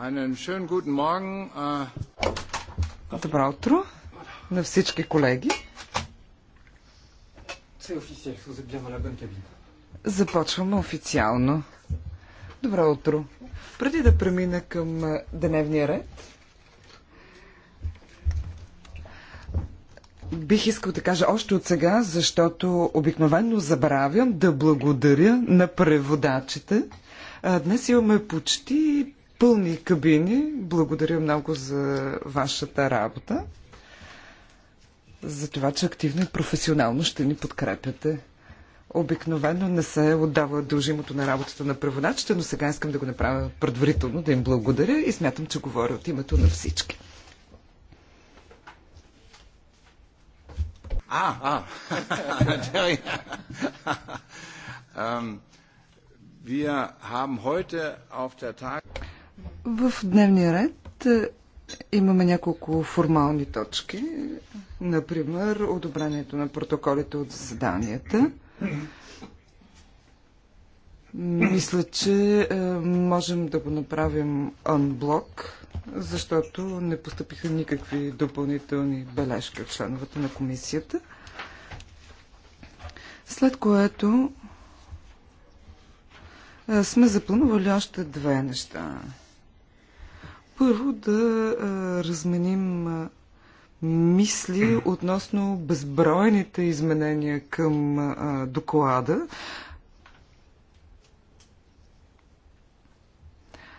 Einen schönen guten Morgen. Äh, Добро утро на всички колеги. Започваме официално. Добро утро. Преди да премина към дневния ред, бих искал да кажа още от сега, защото обикновено забравям да благодаря на преводачите. Днес имаме почти пълни кабини. Благодаря много за вашата работа, за това, че активно и професионално ще ни подкрепяте. Обикновено не се отдава дължимото на работата на преводачите, но сега искам да го направя предварително, да им благодаря и смятам, че говоря от името на всички. А, а, wir haben heute auf der Tag в дневния ред е, имаме няколко формални точки. Например, одобрението на протоколите от заседанията. Мисля, че е, можем да го направим анблок, защото не поступиха никакви допълнителни бележки от членовете на комисията. След което е, сме запланували още две неща. Първо да разменим мисли относно безбройните изменения към доклада.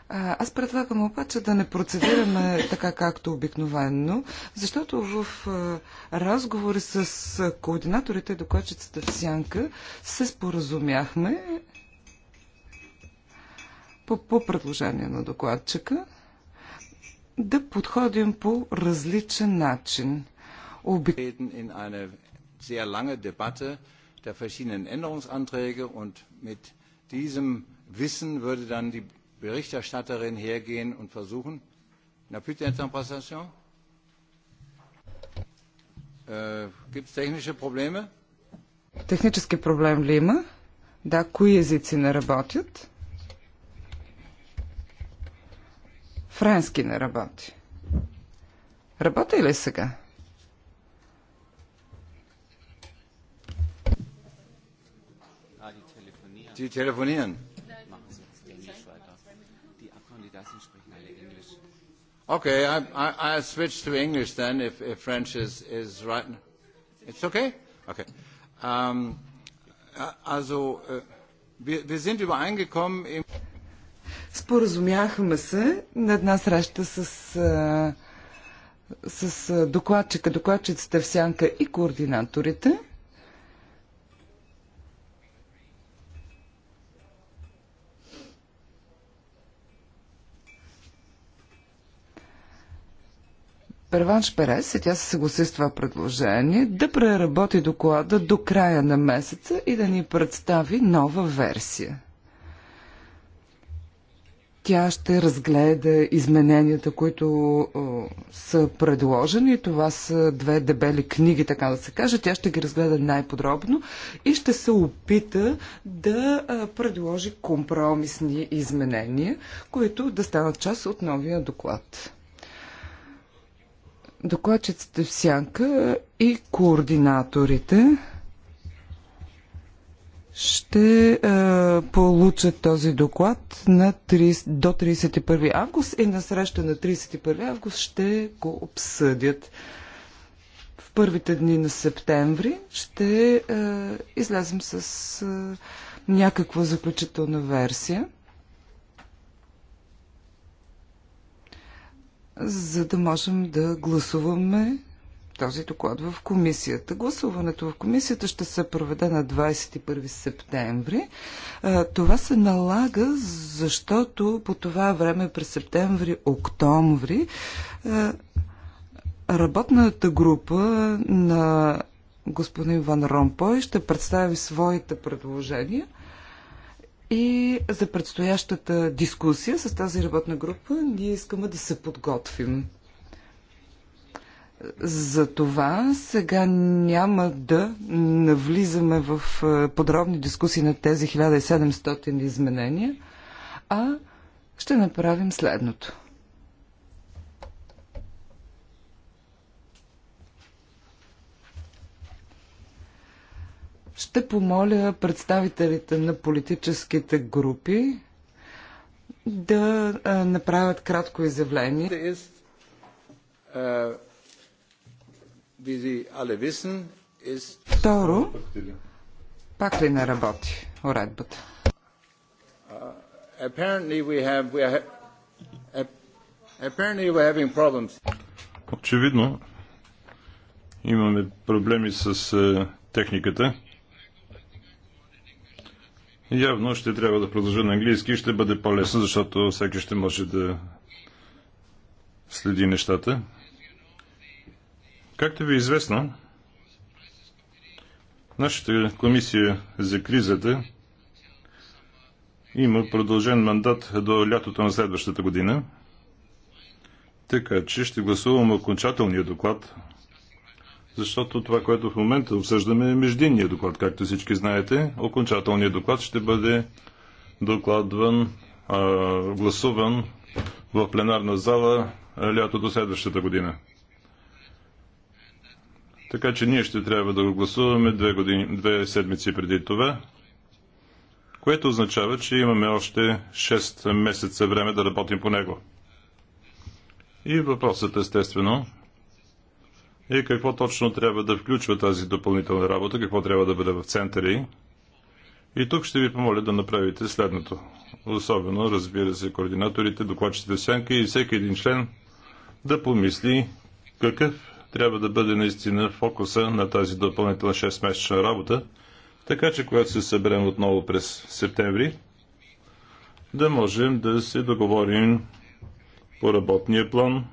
Аз предлагам обаче да не процедираме така както обикновенно, защото в разговори с координаторите, докладчицата в Сянка, се споразумяхме по, по предложение на докладчика – да подходим по различен начин. sehr lange Debatte der verschiedenen Änderungsanträge und mit diesem Wissen würde dann die Berichterstatterin hergehen und versuchen. Na, bitte Interpretation? Äh, Gibt es technische Probleme? Технически проблем ли има? Да, кои езици работят? Френски не работи. Работи ли сега? Ти телефониран. Okay, I, I, I switch to English then if, if French is, is right. It's okay? Okay. Um, also, uh, wir, wir sind übereingekommen im... Споразумяхме се на една среща с, а, с докладчика, докладчицата в сянка и координаторите. Перванш Перес, и тя се съгласи с това предложение, да преработи доклада до края на месеца и да ни представи нова версия. Тя ще разгледа измененията, които са предложени. Това са две дебели книги, така да се каже. Тя ще ги разгледа най-подробно и ще се опита да предложи компромисни изменения, които да станат част от новия доклад. Докладчиците в сянка и координаторите ще е, получат този доклад на 30, до 31 август и на среща на 31 август ще го обсъдят. В първите дни на септември ще е, излезем с е, някаква заключителна версия, за да можем да гласуваме този доклад в комисията. Гласуването в комисията ще се проведе на 21 септември. Това се налага, защото по това време през септември-октомври работната група на господин Ван Ромпой ще представи своите предложения и за предстоящата дискусия с тази работна група ние искаме да се подготвим. Затова сега няма да навлизаме в е, подробни дискусии на тези 1700 изменения, а ще направим следното. Ще помоля представителите на политическите групи да е, направят кратко изявление. Е, Второ, пак ли не работи уредбата? Uh, Очевидно, имаме проблеми с е, техниката. Явно ще трябва да продължа на английски и ще бъде по-лесно, защото всеки ще може да следи нещата. Както ви е известно, нашата комисия за кризата има продължен мандат до лятото на следващата година, така че ще гласувам окончателния доклад, защото това, което в момента обсъждаме е междинния доклад, както всички знаете. Окончателният доклад ще бъде докладван, гласуван в пленарна зала лятото следващата година. Така че ние ще трябва да го гласуваме две, години, две седмици преди това, което означава, че имаме още 6 месеца време да работим по него. И въпросът естествено е какво точно трябва да включва тази допълнителна работа, какво трябва да бъде в центъри. И тук ще ви помоля да направите следното. Особено, разбира се, координаторите, докладчите в и всеки един член да помисли какъв трябва да бъде наистина фокуса на тази допълнителна 6-месечна работа, така че когато се съберем отново през септември, да можем да се договорим по работния план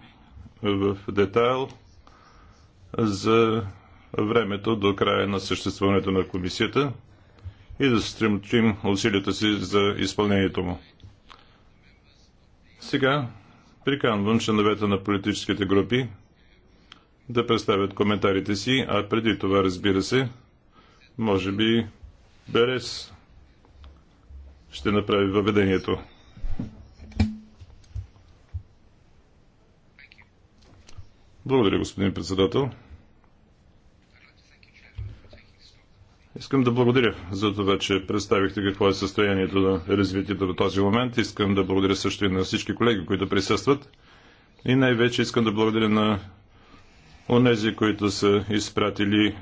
в детайл за времето до края на съществуването на комисията и да стремчим усилията си за изпълнението му. Сега приканвам членовете на политическите групи да представят коментарите си, а преди това, разбира се, може би Берес ще направи въведението. Благодаря, господин председател. Искам да благодаря за това, че представихте какво е състоянието на развитието до този момент. Искам да благодаря също и на всички колеги, които присъстват. И най-вече искам да благодаря на онези, които са изпратили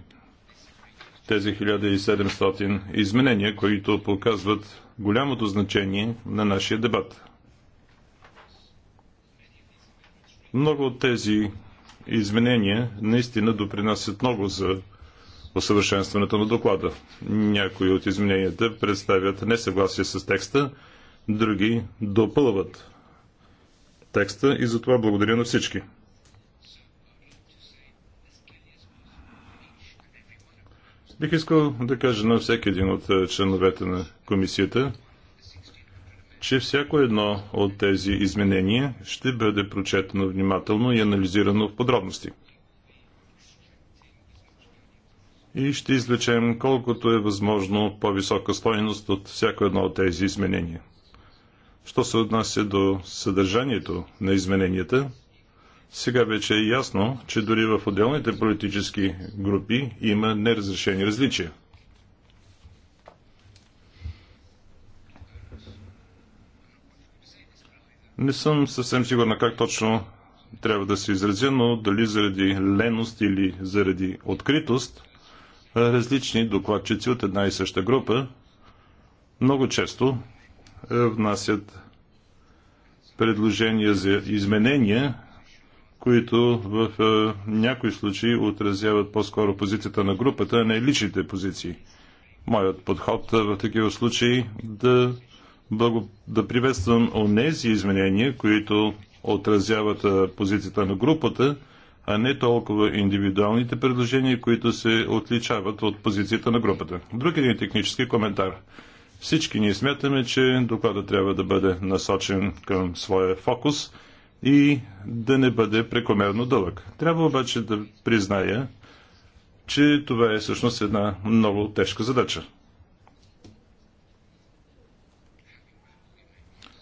тези 1700 изменения, които показват голямото значение на нашия дебат. Много от тези изменения наистина допринасят много за усъвършенстването на доклада. Някои от измененията представят несъгласие с текста, други допълват текста и за това благодаря на всички. Бих искал да кажа на всеки един от е, членовете на комисията, че всяко едно от тези изменения ще бъде прочетено внимателно и анализирано в подробности. И ще извлечем колкото е възможно по-висока стоеност от всяко едно от тези изменения. Що се отнася до съдържанието на измененията – сега вече е ясно, че дори в отделните политически групи има неразрешени различия. Не съм съвсем сигурна как точно трябва да се изразя, но дали заради леност или заради откритост, различни докладчици от една и съща група много често е, внасят предложения за изменения, които в е, някои случаи отразяват по-скоро позицията на групата, а не личните позиции. Моят подход е, в такива случаи да, благо, да приветствам онези изменения, които отразяват е, позицията на групата, а не толкова индивидуалните предложения, които се отличават от позицията на групата. Друг един технически коментар. Всички ние смятаме, че докладът трябва да бъде насочен към своя фокус – и да не бъде прекомерно дълъг. Трябва обаче да призная, че това е всъщност една много тежка задача.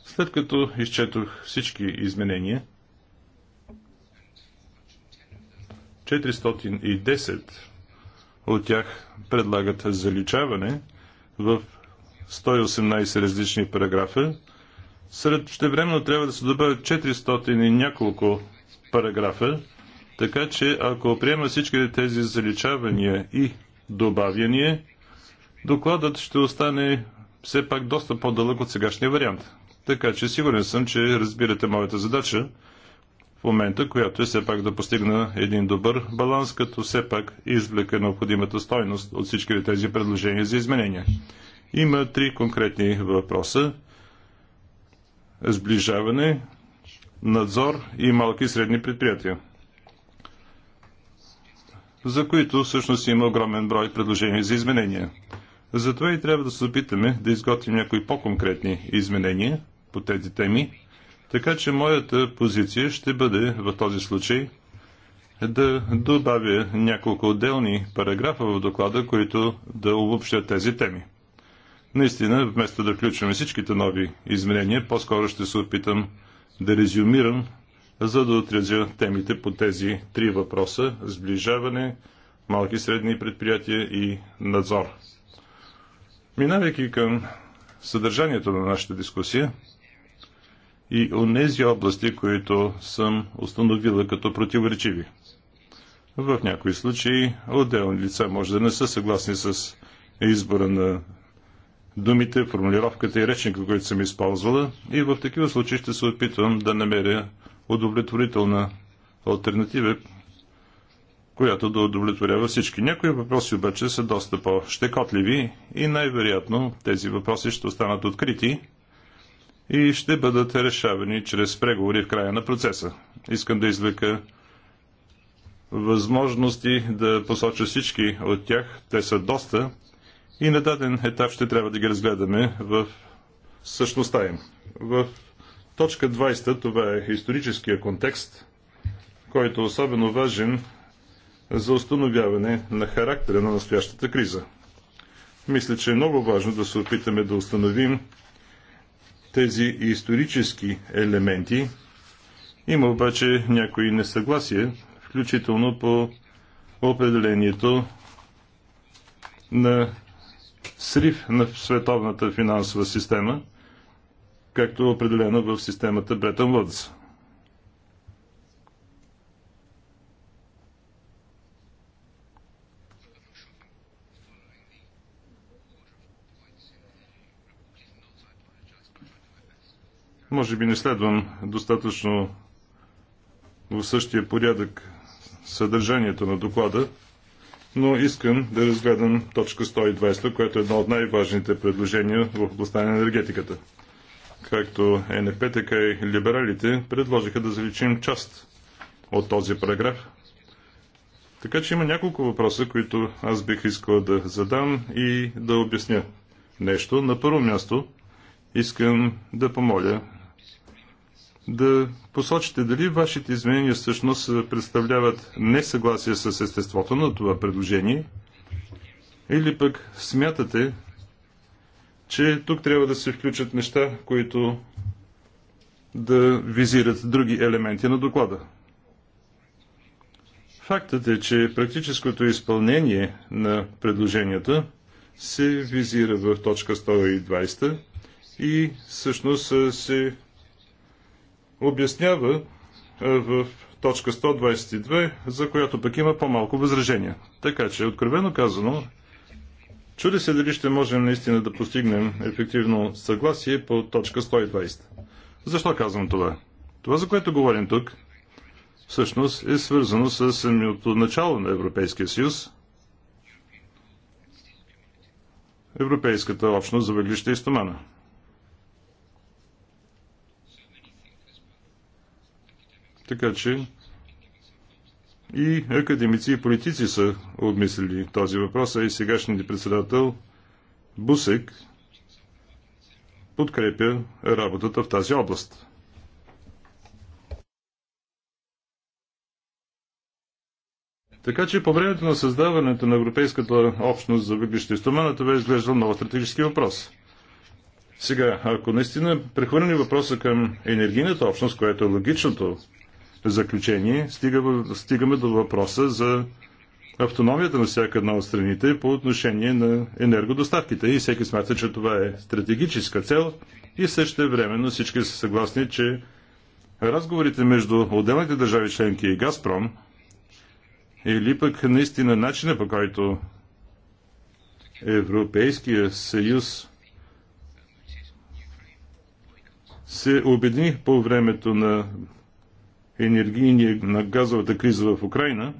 След като изчетох всички изменения, 410 от тях предлагат заличаване в 118 различни параграфа, сред времено трябва да се добавят 400 и няколко параграфа, така че ако приема всички тези заличавания и добавяния, докладът ще остане все пак доста по-дълъг от сегашния вариант. Така че сигурен съм, че разбирате моята задача в момента, която е все пак да постигна един добър баланс, като все пак извлека необходимата стойност от всички тези предложения за изменения. Има три конкретни въпроса, сближаване, надзор и малки и средни предприятия, за които всъщност има огромен брой предложения за изменения. Затова и трябва да се опитаме да изготвим някои по-конкретни изменения по тези теми, така че моята позиция ще бъде в този случай да добавя няколко отделни параграфа в доклада, които да обобщат тези теми. Наистина, вместо да включваме всичките нови изменения, по-скоро ще се опитам да резюмирам, за да отразя темите по тези три въпроса – сближаване, малки и средни предприятия и надзор. Минавайки към съдържанието на нашата дискусия и онези области, които съм установила като противоречиви. В някои случаи отделни лица може да не са съгласни с избора на думите, формулировката и речника, които съм използвала и в такива случаи ще се опитвам да намеря удовлетворителна альтернатива, която да удовлетворява всички. Някои въпроси обаче са доста по-щекотливи и най-вероятно тези въпроси ще останат открити и ще бъдат решавани чрез преговори в края на процеса. Искам да извлека възможности да посоча всички от тях. Те са доста, и на даден етап ще трябва да ги разгледаме в същността им. В точка 20 това е историческия контекст, който е особено важен за установяване на характера на настоящата криза. Мисля, че е много важно да се опитаме да установим тези исторически елементи. Има обаче някои несъгласие, включително по определението на срив на световната финансова система, както е определено в системата Бретън Вудс. Може би не следвам достатъчно в същия порядък съдържанието на доклада, но искам да разгледам точка 120, която е едно от най-важните предложения в областта на енергетиката. Както ЕНП, така и либералите предложиха да заличим част от този параграф. Така че има няколко въпроса, които аз бих искал да задам и да обясня нещо. На първо място искам да помоля да посочите дали вашите изменения всъщност представляват несъгласие с естеството на това предложение или пък смятате, че тук трябва да се включат неща, които да визират други елементи на доклада. Фактът е, че практическото изпълнение на предложенията се визира в точка 120 и всъщност се обяснява е, в точка 122, за която пък има по-малко възражения. Така че, откровено казано, чуди се дали ще можем наистина да постигнем ефективно съгласие по точка 120. Защо казвам това? Това, за което говорим тук, всъщност е свързано с самото начало на Европейския съюз, Европейската общност за въглища и стомана. Така че и академици и политици са обмислили този въпрос, а и сегашният председател Бусек подкрепя работата в тази област. Така че по времето на създаването на Европейската общност за въглища и стомана, това е изглеждал много стратегически въпрос. Сега, ако наистина прехвърлим въпроса към енергийната общност, което е логичното заключение стигаме до въпроса за автономията на всяка една от страните по отношение на енергодоставките. И всеки смята, че това е стратегическа цел и също времено всички са съгласни, че разговорите между отделните държави членки и Газпром или пък наистина начина по който Европейския съюз се обедини по времето на енергийния на газовата криза в Украина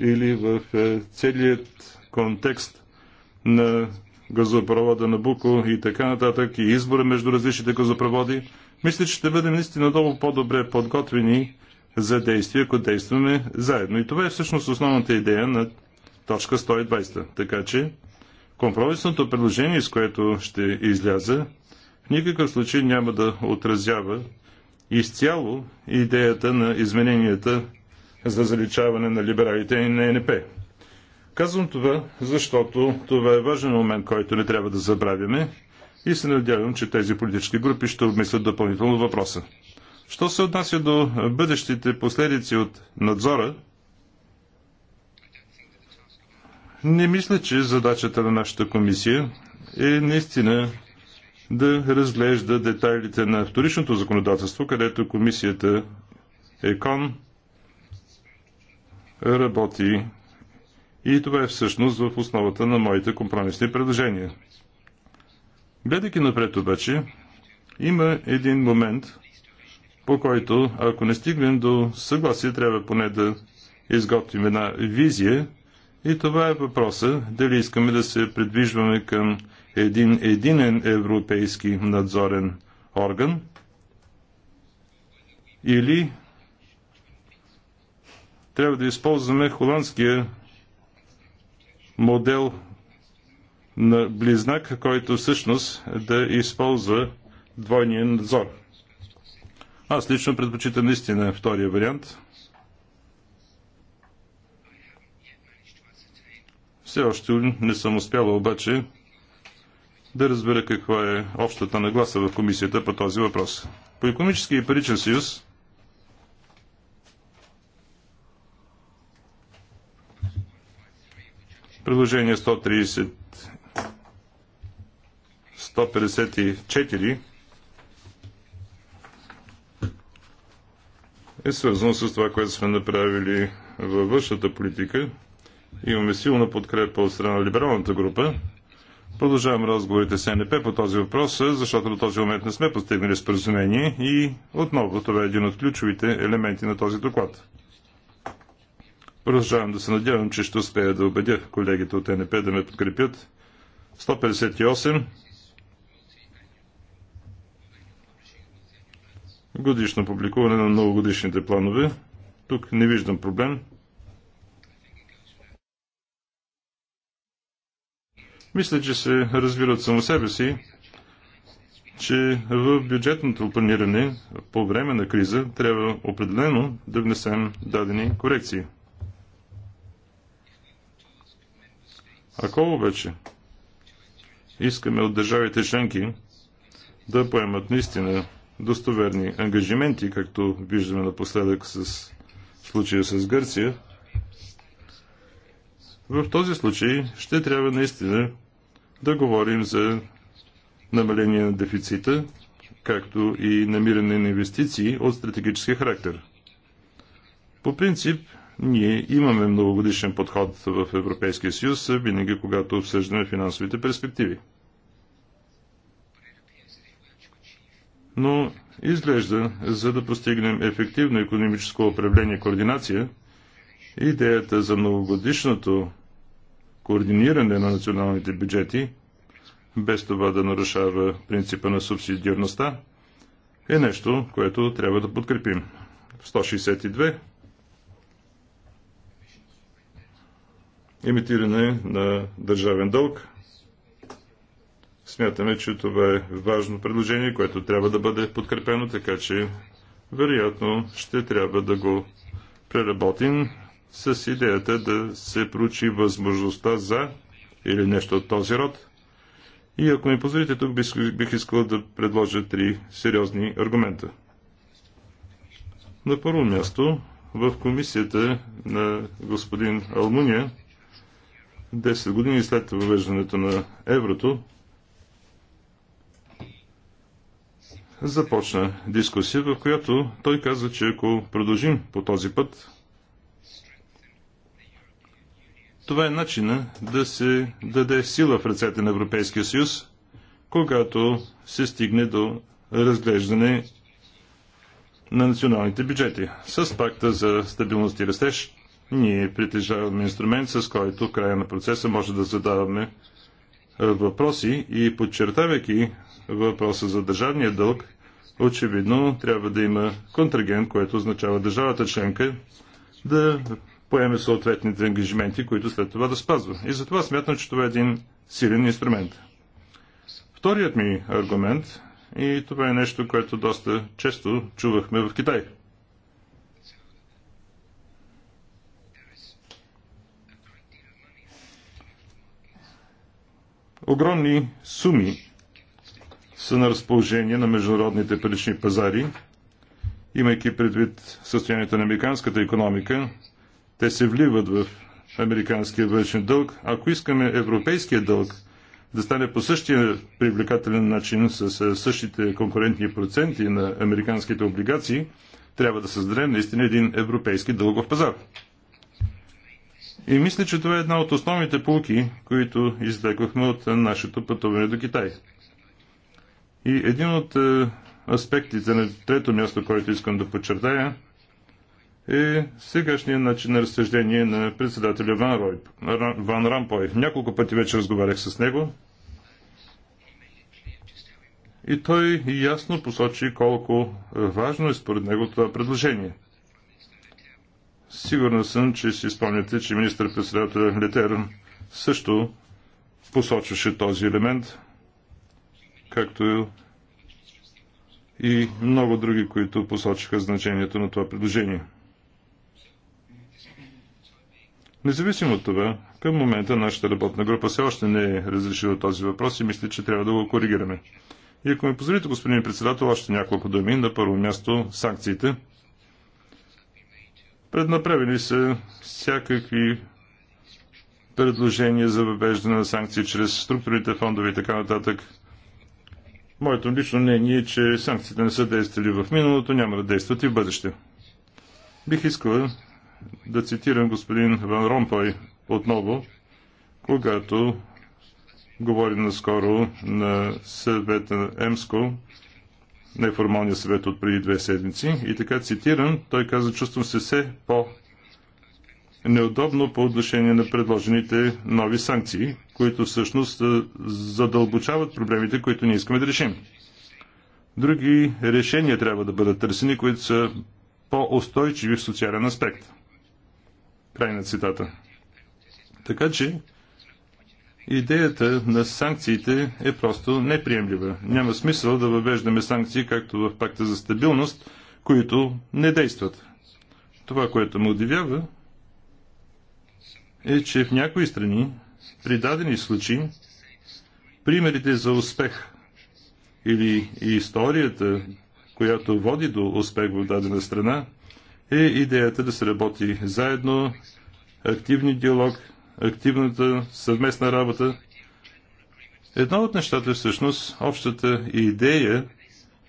или в е, целият контекст на газопровода на Буко и така нататък и избора между различните газопроводи, мисля, че ще бъдем наистина много по-добре подготвени за действие, ако действаме заедно. И това е всъщност основната идея на точка 120. Така че компромисното предложение, с което ще изляза, в никакъв случай няма да отразява изцяло идеята на измененията за заличаване на либералите и на НП. Казвам това, защото това е важен момент, който не трябва да забравяме и се надявам, че тези политически групи ще обмислят допълнително въпроса. Що се отнася до бъдещите последици от надзора, не мисля, че задачата на нашата комисия е наистина да разглежда детайлите на вторичното законодателство, където комисията ЕКОН работи. И това е всъщност в основата на моите компромисни предложения. Гледайки напред обаче, има един момент, по който, ако не стигнем до съгласие, трябва поне да изготвим една визия. И това е въпроса, дали искаме да се придвижваме към един единен европейски надзорен орган или трябва да използваме холандския модел на близнак, който всъщност да използва двойния надзор. Аз лично предпочитам наистина втория вариант. Все още не съм успяла обаче да разбера каква е общата нагласа в комисията по този въпрос. По економически и паричен съюз предложение 130 154 е свързано с това, което сме направили във външната политика. Имаме силна подкрепа от страна на либералната група Продължавам разговорите с НДП по този въпрос, защото до този момент не сме постигнали споразумение и отново това е един от ключовите елементи на този доклад. Продължавам да се надявам, че ще успея да убедя колегите от НП да ме подкрепят. 158 годишно публикуване на новогодишните планове. Тук не виждам проблем. Мисля, че се разбират само себе си, че в бюджетното планиране по време на криза трябва определено да внесем дадени корекции. Ако обаче искаме от държавите членки да поемат наистина достоверни ангажименти, както виждаме напоследък с случая с Гърция, в този случай ще трябва наистина да говорим за намаление на дефицита, както и намиране на инвестиции от стратегически характер. По принцип, ние имаме многогодишен подход в Европейския съюз, винаги когато обсъждаме финансовите перспективи. Но изглежда, за да постигнем ефективно економическо управление и координация, идеята за многогодишното координиране на националните бюджети, без това да нарушава принципа на субсидиарността, е нещо, което трябва да подкрепим. 162 имитиране на държавен дълг. Смятаме, че това е важно предложение, което трябва да бъде подкрепено, така че вероятно ще трябва да го преработим с идеята да се проучи възможността за или нещо от този род. И ако ми позволите, тук бих искал да предложа три сериозни аргумента. На първо място, в комисията на господин Алмуния, 10 години след въвеждането на еврото, започна дискусия, в която той каза, че ако продължим по този път, Това е начина да се даде сила в ръцете на Европейския съюз, когато се стигне до разглеждане на националните бюджети. С пакта за стабилност и растеж ние притежаваме инструмент, с който в края на процеса може да задаваме въпроси и подчертавайки въпроса за държавния дълг, очевидно трябва да има контрагент, което означава държавата членка да поеме съответните ангажименти, които след това да спазва. И затова смятам, че това е един силен инструмент. Вторият ми аргумент, и това е нещо, което доста често чувахме в Китай. Огромни суми са на разположение на международните парични пазари, имайки предвид състоянието на американската економика, те се вливат в американския външен дълг. Ако искаме европейския дълг да стане по същия привлекателен начин с същите конкурентни проценти на американските облигации, трябва да създадем наистина един европейски дългов пазар. И мисля, че това е една от основните полки, които извлекохме от нашето пътуване до Китай. И един от аспектите на трето място, което искам да подчертая – и е сегашния начин на разсъждение на председателя Ван, Рой, Ван Рампой. Няколко пъти вече разговарях с него и той ясно посочи колко важно е според него това предложение. Сигурна съм, че си спомняте, че министър-председател Летер също посочваше този елемент, както и много други, които посочиха значението на това предложение. Независимо от това, към момента нашата работна група все още не е разрешила този въпрос и мисля, че трябва да го коригираме. И ако ми позволите, господин председател, още няколко думи. На първо място санкциите. Преднаправени са всякакви предложения за въвеждане на санкции чрез структурните фондове и така нататък. Моето лично мнение е, че санкциите не са действали в миналото, няма да действат и в бъдеще. Бих искала да цитирам господин Ван Ромпой отново, когато говори наскоро на съвета на ЕМСКО, неформалния съвет от преди две седмици. И така цитирам, той каза, чувствам се все по неудобно по отношение на предложените нови санкции, които всъщност задълбочават проблемите, които ние искаме да решим. Други решения трябва да бъдат търсени, които са по-устойчиви в социален аспект. Край на цитата. Така че идеята на санкциите е просто неприемлива. Няма смисъл да въвеждаме санкции, както в пакта за стабилност, които не действат. Това, което ме удивява, е, че в някои страни, при дадени случаи, примерите за успех или историята, която води до успех в дадена страна, е идеята да се работи заедно, активни диалог, активната съвместна работа. Едно от нещата е всъщност общата идея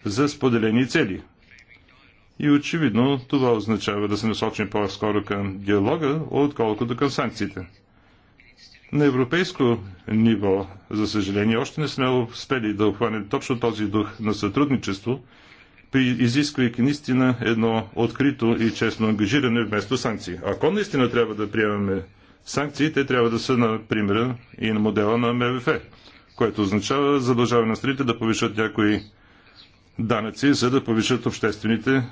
за споделени цели. И очевидно това означава да се насочим по-скоро към диалога, отколкото към санкциите. На европейско ниво, за съжаление, още не сме успели да обхванем точно този дух на сътрудничество при изисквайки наистина едно открито и честно ангажиране вместо санкции. Ако наистина трябва да приемаме санкции, те трябва да са на примера и на модела на МВФ, което означава задължаване на страните да повишат някои данъци, за да повишат обществените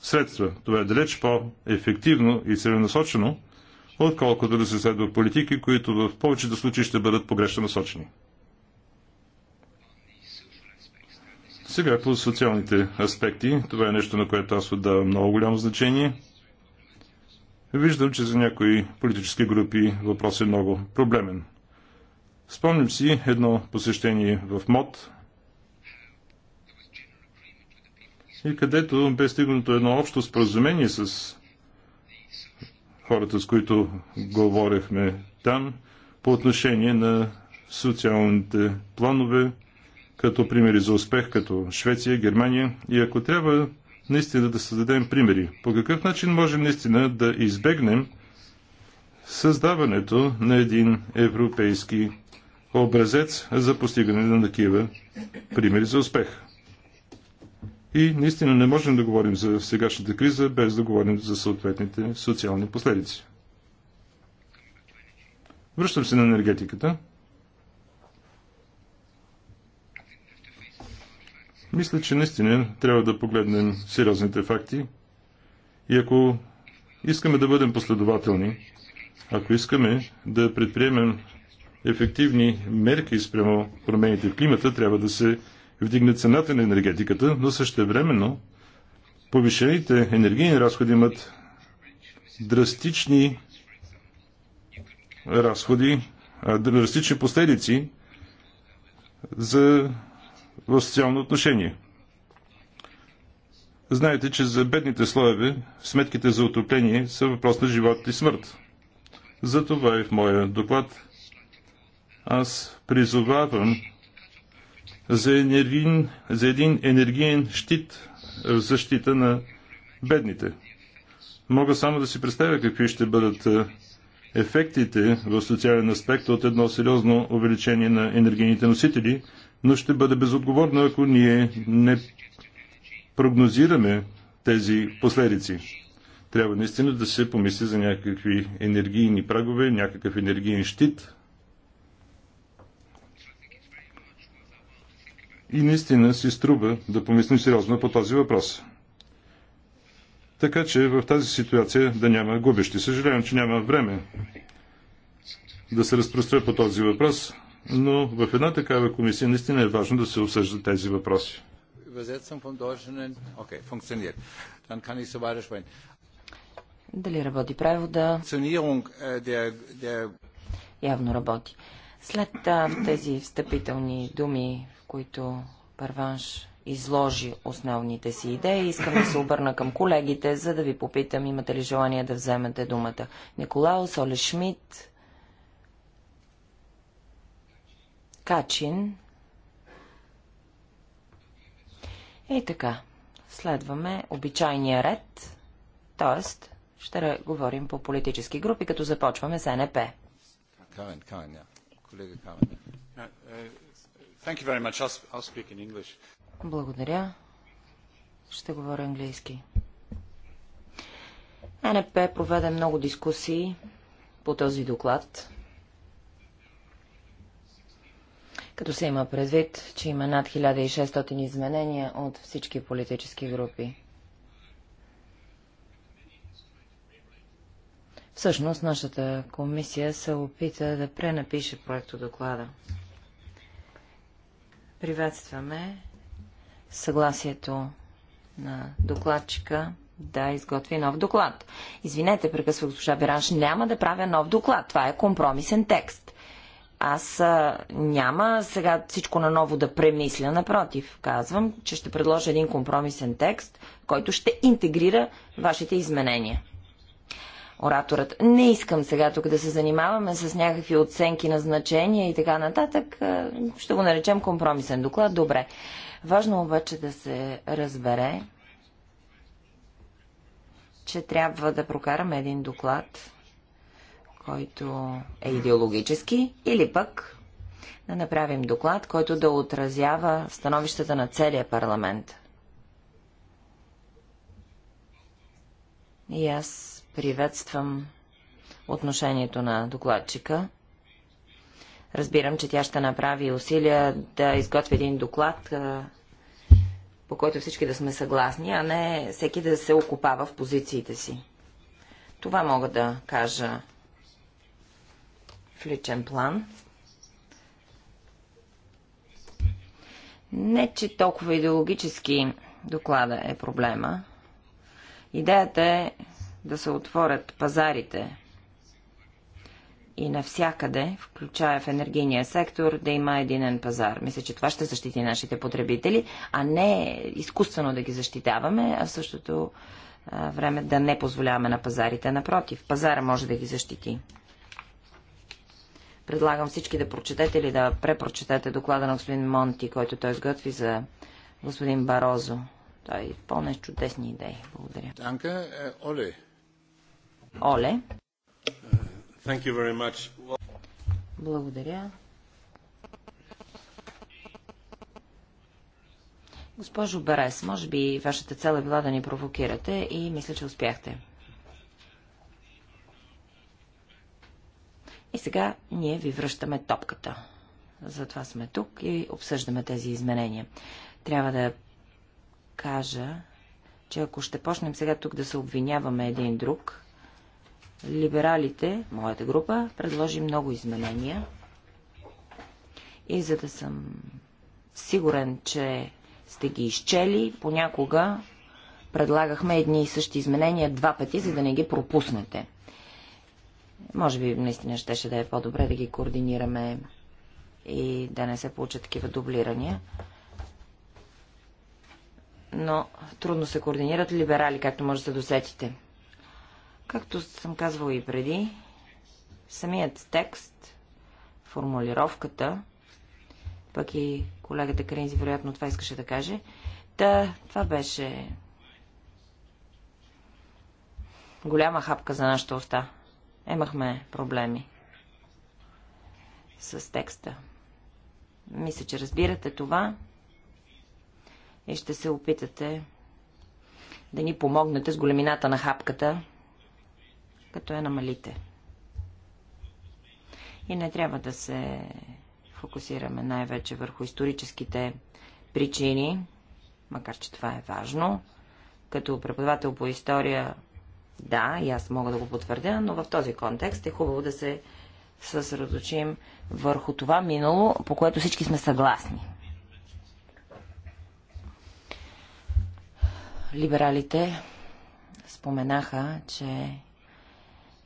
средства. Това е далеч по-ефективно и целенасочено, отколкото да се следва политики, които в повечето случаи ще бъдат погрешно насочени. Сега по социалните аспекти, това е нещо, на което аз отдавам много голямо значение. Виждам, че за някои политически групи въпрос е много проблемен. Спомням си едно посещение в МОД, и където бе стигнато едно общо споразумение с хората, с които говорехме там, по отношение на социалните планове, като примери за успех, като Швеция, Германия. И ако трябва наистина да създадем примери, по какъв начин можем наистина да избегнем създаването на един европейски образец за постигане на такива примери за успех. И наистина не можем да говорим за сегашната криза, без да говорим за съответните социални последици. Връщам се на енергетиката. Мисля, че наистина трябва да погледнем сериозните факти и ако искаме да бъдем последователни, ако искаме да предприемем ефективни мерки спрямо промените в климата, трябва да се вдигне цената на енергетиката, но същевременно повишените енергийни разходи имат драстични разходи, драстични последици за в социално отношение. Знаете, че за бедните слоеве сметките за отопление са въпрос на живот и смърт. Затова и в моя доклад аз призовавам за, енергиен, за един енергиен щит в защита на бедните. Мога само да си представя какви ще бъдат е, ефектите в социален аспект от едно сериозно увеличение на енергийните носители но ще бъде безотговорно, ако ние не прогнозираме тези последици. Трябва наистина да се помисли за някакви енергийни прагове, някакъв енергиен щит. И наистина си струва да помислим сериозно по този въпрос. Така че в тази ситуация да няма губещи. Съжалявам, че няма време да се разпростря по този въпрос но в една такава комисия наистина е важно да се обсъждат тези въпроси. Дали работи превода? Е, Явно работи. След тези встъпителни думи, в които Първанш изложи основните си идеи, искам да се обърна към колегите, за да ви попитам, имате ли желание да вземете думата. Николао, Соле Шмидт, Качин. И така, следваме обичайния ред, т.е. ще говорим по политически групи, като започваме с НП. да. Колега uh, uh, Thank you very much. I'll, I'll speak in English. Благодаря. Ще говоря английски. НП проведе много дискусии по този доклад. като се има предвид, че има над 1600 изменения от всички политически групи. Всъщност, нашата комисия се опита да пренапише проекто доклада. Приветстваме съгласието на докладчика да изготви нов доклад. Извинете, прекъсва госпожа Бираш, няма да правя нов доклад. Това е компромисен текст. Аз а, няма сега всичко наново да премисля. Напротив, казвам, че ще предложа един компромисен текст, който ще интегрира вашите изменения. Ораторът. Не искам сега тук да се занимаваме с някакви оценки на значения и така нататък. Ще го наречем компромисен доклад. Добре. Важно обаче да се разбере, че трябва да прокараме един доклад, който е идеологически, или пък да направим доклад, който да отразява становищата на целия парламент. И аз приветствам отношението на докладчика. Разбирам, че тя ще направи усилия да изготви един доклад, по който всички да сме съгласни, а не всеки да се окупава в позициите си. Това мога да кажа в личен план. Не, че толкова идеологически доклада е проблема. Идеята е да се отворят пазарите и навсякъде, включая в енергийния сектор, да има единен пазар. Мисля, че това ще защити нашите потребители, а не изкуствено да ги защитаваме, а в същото време да не позволяваме на пазарите. Напротив, пазара може да ги защити. Предлагам всички да прочетете или да препрочетете доклада на господин Монти, който той изготви за господин Барозо. Той е пълне с чудесни идеи. Благодаря. Данка, е, Оле. Оле. Благодаря. Госпожо Берес, може би вашата цел е била да ни провокирате и мисля, че успяхте. И сега ние ви връщаме топката. Затова сме тук и обсъждаме тези изменения. Трябва да кажа, че ако ще почнем сега тук да се обвиняваме един друг, либералите, моята група, предложи много изменения. И за да съм сигурен, че сте ги изчели, понякога предлагахме едни и същи изменения два пъти, за да не ги пропуснете. Може би наистина щеше да е по-добре да ги координираме и да не се получат такива дублирания. Но трудно се координират либерали, както може да се досетите. Както съм казвал и преди, самият текст, формулировката, пък и колегата Кринзи вероятно това искаше да каже, да, това беше голяма хапка за нашата уста имахме проблеми с текста. Мисля, че разбирате това и ще се опитате да ни помогнете с големината на хапката, като я намалите. И не трябва да се фокусираме най-вече върху историческите причини, макар че това е важно. Като преподавател по история да, и аз мога да го потвърдя, но в този контекст е хубаво да се съсредоточим върху това минало, по което всички сме съгласни. Либералите споменаха, че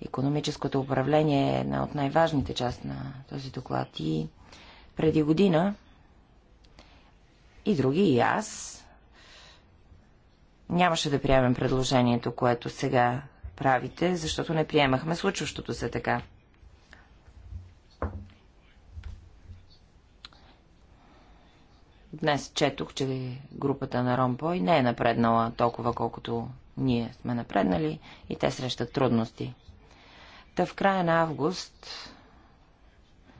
економическото управление е една от най-важните част на този доклад. И преди година и други, и аз Нямаше да приемем предложението, което сега правите, защото не приемахме случващото се така. Днес четох, че групата на Ромпой не е напреднала толкова, колкото ние сме напреднали и те срещат трудности. Та в края на август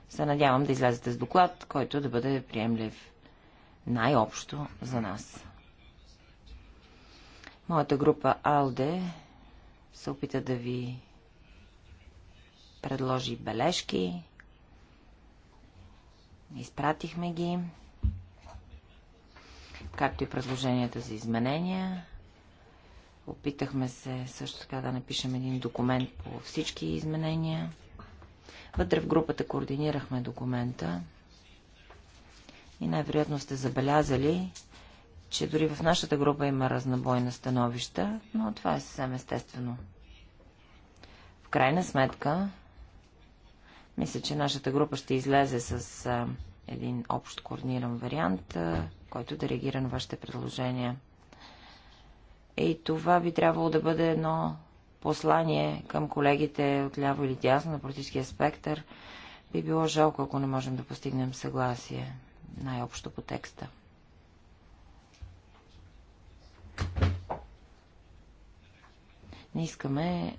се надявам да излезете с доклад, който да бъде приемлив най-общо за нас. Моята група АЛДЕ се опита да ви предложи бележки. Изпратихме ги, както и предложенията за изменения. Опитахме се също така да напишем един документ по всички изменения. Вътре в групата координирахме документа и най-вероятно сте забелязали, че дори в нашата група има разнобойна становища, но това е съвсем естествено. В крайна сметка, мисля, че нашата група ще излезе с а, един общ координиран вариант, а, който да реагира на вашите предложения. И това би трябвало да бъде едно послание към колегите от ляво или дясно на политическия спектър. Би било жалко, ако не можем да постигнем съгласие най-общо по текста. Не искаме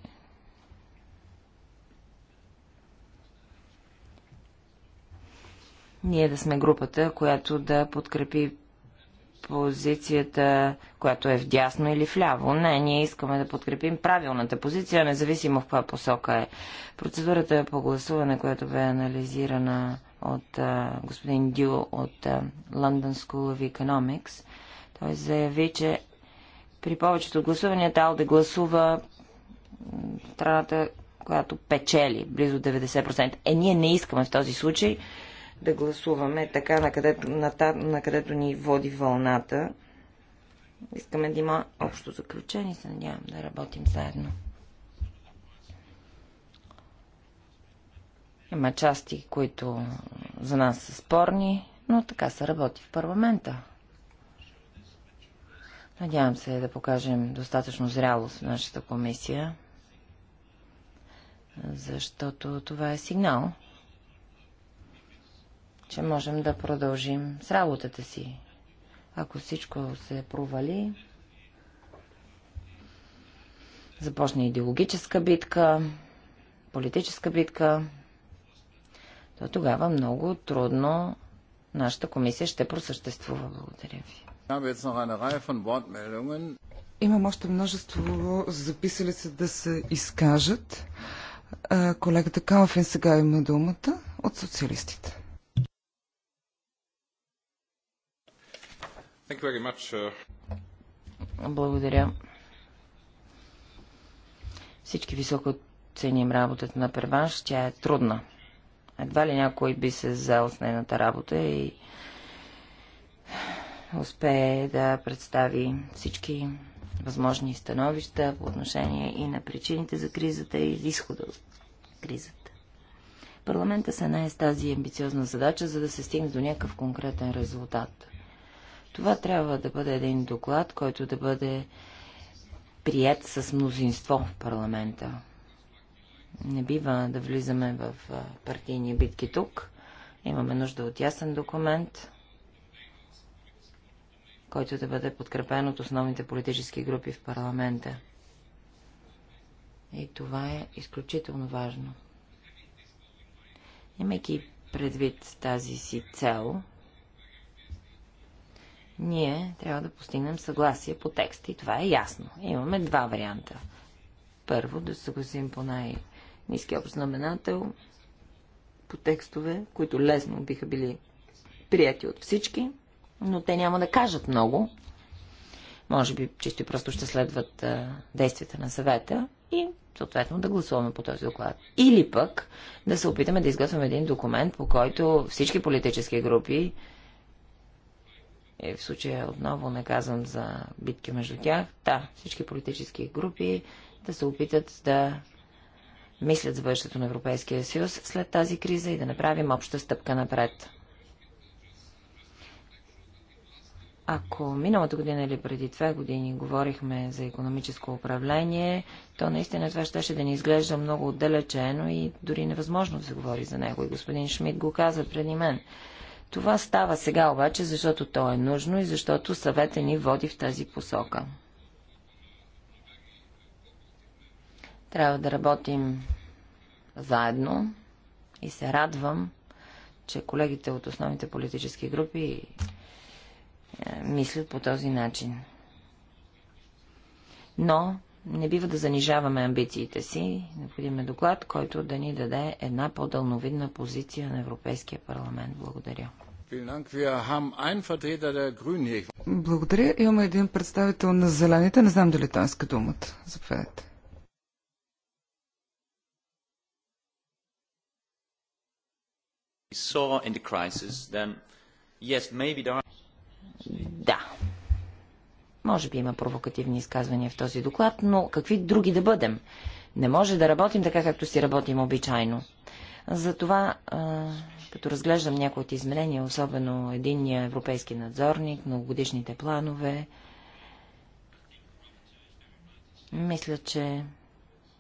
ние да сме групата, която да подкрепи позицията, която е вдясно или вляво. Не, ние искаме да подкрепим правилната позиция, независимо в каква посока е. Процедурата по гласуване, която бе анализирана от а, господин Дю от а, London School of Economics, той заяви, че при повечето гласувания, гласуванията да гласува страната, която печели близо 90%. Е, ние не искаме в този случай да гласуваме така, на където, на, та, на където ни води вълната. Искаме да има общо заключение се надявам да работим заедно. Има части, които за нас са спорни, но така се работи в парламента. Надявам се да покажем достатъчно зрялост в нашата комисия, защото това е сигнал, че можем да продължим с работата си. Ако всичко се провали, започне идеологическа битка, политическа битка, то тогава много трудно нашата комисия ще просъществува. Благодаря ви. Имам още множество записали се да се изкажат. Е, колегата Калфин сега има думата от социалистите. Uh, Благодаря. Всички високо ценим работата на Перванш. Тя е трудна. Едва ли някой би се взел с нейната работа и успее да представи всички възможни становища по отношение и на причините за кризата и изхода от кризата. Парламента се нае с тази амбициозна задача, за да се стигне до някакъв конкретен резултат. Това трябва да бъде един доклад, който да бъде прият с мнозинство в парламента. Не бива да влизаме в партийни битки тук. Имаме нужда от ясен документ, който да бъде подкрепен от основните политически групи в парламента. И това е изключително важно. Имайки предвид тази си цел, ние трябва да постигнем съгласие по текста и това е ясно. Имаме два варианта. Първо, да съгласим по най-низкия обзнаменател по текстове, които лесно биха били прияти от всички – но те няма да кажат много. Може би чисто и просто ще следват а, действията на съвета и съответно да гласуваме по този доклад. Или пък да се опитаме да изготвим един документ, по който всички политически групи, и в случая отново не казвам за битки между тях, да, всички политически групи да се опитат да мислят за бъдещето на Европейския съюз след тази криза и да направим обща стъпка напред. Ако миналата година или преди две години говорихме за економическо управление, то наистина това щеше да ни изглежда много отдалечено и дори невъзможно да се говори за него. И господин Шмидт го каза преди мен. Това става сега обаче, защото то е нужно и защото съвета ни води в тази посока. Трябва да работим заедно и се радвам, че колегите от основните политически групи е, мислят по този начин. Но не бива да занижаваме амбициите си. Необходим е доклад, който да ни даде една по-дълновидна позиция на Европейския парламент. Благодаря. Благодаря. Имаме един представител на Зелените. Не знам дали той иска думата. Заповядайте. saw in the crisis, then yes, maybe there are да. Може би има провокативни изказвания в този доклад, но какви други да бъдем? Не може да работим така, както си работим обичайно. Затова, като разглеждам някои от изменения, особено единния европейски надзорник, многогодишните планове, мисля, че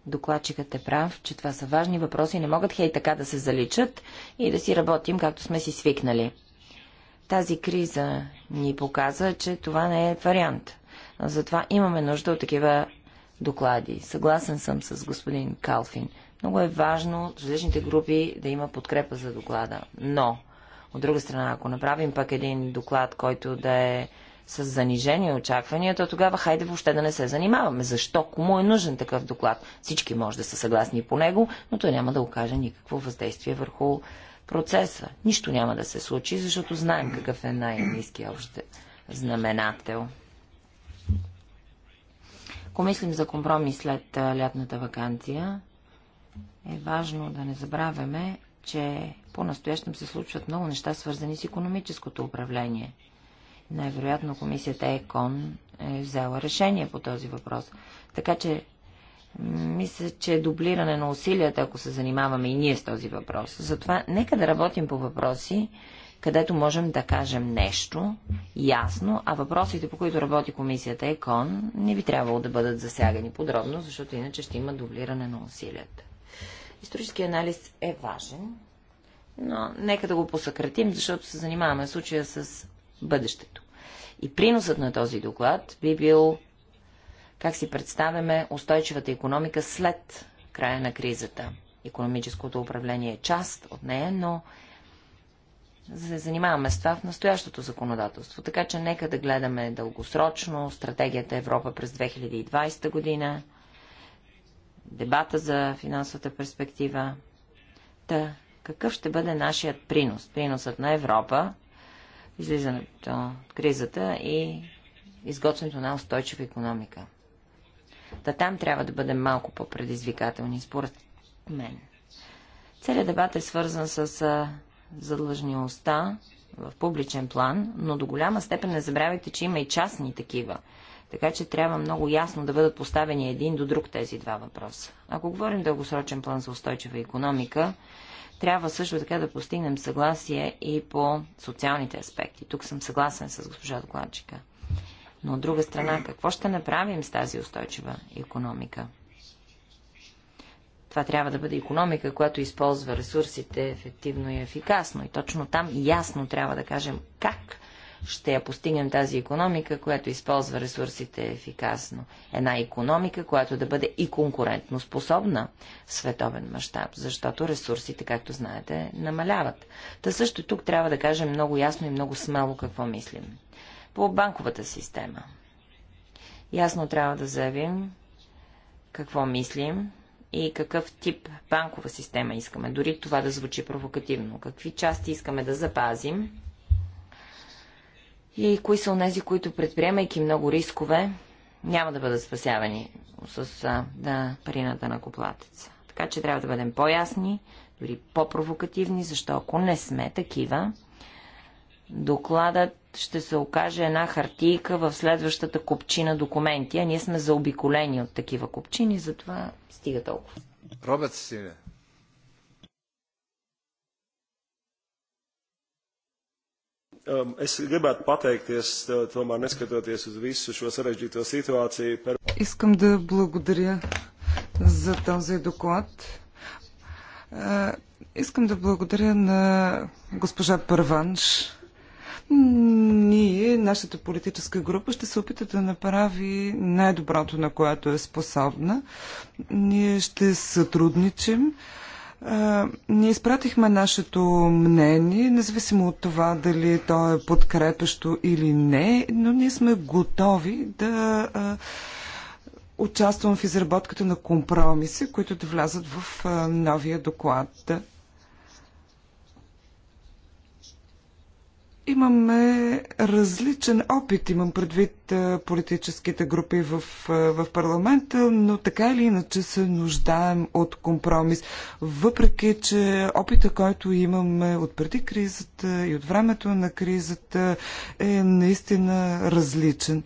докладчикът е прав, че това са важни въпроси, не могат хей така да се заличат и да си работим, както сме си свикнали. Тази криза ни показа, че това не е вариант. Затова имаме нужда от такива доклади. Съгласен съм с господин Калфин. Много е важно различните групи да има подкрепа за доклада. Но, от друга страна, ако направим пък един доклад, който да е с занижени очаквания, то тогава хайде въобще да не се занимаваме. Защо? Кому е нужен такъв доклад? Всички може да са съгласни по него, но той няма да окаже никакво въздействие върху процеса. Нищо няма да се случи, защото знаем какъв е най-низкият общ знаменател. Ако мислим за компромис след лятната вакансия, е важно да не забравяме, че по-настоящем се случват много неща, свързани с економическото управление. Най-вероятно комисията ЕКОН е взела решение по този въпрос. Така че мисля, че е дублиране на усилията, ако се занимаваме и ние с този въпрос. Затова нека да работим по въпроси, където можем да кажем нещо ясно, а въпросите, по които работи комисията ЕКОН, не би трябвало да бъдат засягани подробно, защото иначе ще има дублиране на усилията. Исторически анализ е важен, но нека да го посъкратим, защото се занимаваме в случая с бъдещето. И приносът на този доклад би бил как си представяме устойчивата економика след края на кризата? Економическото управление е част от нея, но се занимаваме с това в настоящото законодателство. Така че нека да гледаме дългосрочно стратегията Европа през 2020 година, дебата за финансовата перспектива. Та, какъв ще бъде нашият принос? Приносът на Европа, излизането от кризата и изготвянето на устойчива економика. Та там трябва да бъдем малко по-предизвикателни, според мен. Целият дебат е свързан с задлъжнилостта в публичен план, но до голяма степен не забравяйте, че има и частни такива. Така че трябва много ясно да бъдат поставени един до друг тези два въпроса. Ако говорим дългосрочен план за устойчива економика, трябва също така да постигнем съгласие и по социалните аспекти. Тук съм съгласен с госпожа докладчика. Но от друга страна, какво ще направим с тази устойчива економика? Това трябва да бъде економика, която използва ресурсите ефективно и ефикасно. И точно там ясно трябва да кажем как ще я постигнем тази економика, която използва ресурсите ефикасно. Една економика, която да бъде и конкурентно способна в световен мащаб, защото ресурсите, както знаете, намаляват. Та също тук трябва да кажем много ясно и много смело какво мислим. По банковата система. Ясно трябва да заявим какво мислим и какъв тип банкова система искаме. Дори това да звучи провокативно. Какви части искаме да запазим и кои са онези, които предприемайки много рискове, няма да бъдат спасявани с да, парината на коплатеца. Така че трябва да бъдем по-ясни, дори по-провокативни, защото ако не сме такива, докладът ще се окаже една хартийка в следващата купчина документи, а ние сме заобиколени от такива купчини, затова стига толкова. Робът си ли? Искам да благодаря за този доклад. Искам да благодаря на госпожа Първанш ние, нашата политическа група, ще се опита да направи най-доброто, на което е способна. Ние ще сътрудничим. Ние изпратихме нашето мнение, независимо от това дали то е подкрепещо или не, но ние сме готови да участвам в изработката на компромиси, които да влязат в новия доклад. Имаме различен опит, имам предвид политическите групи в, в парламента, но така или иначе се нуждаем от компромис. Въпреки, че опита, който имаме от преди кризата и от времето на кризата е наистина различен.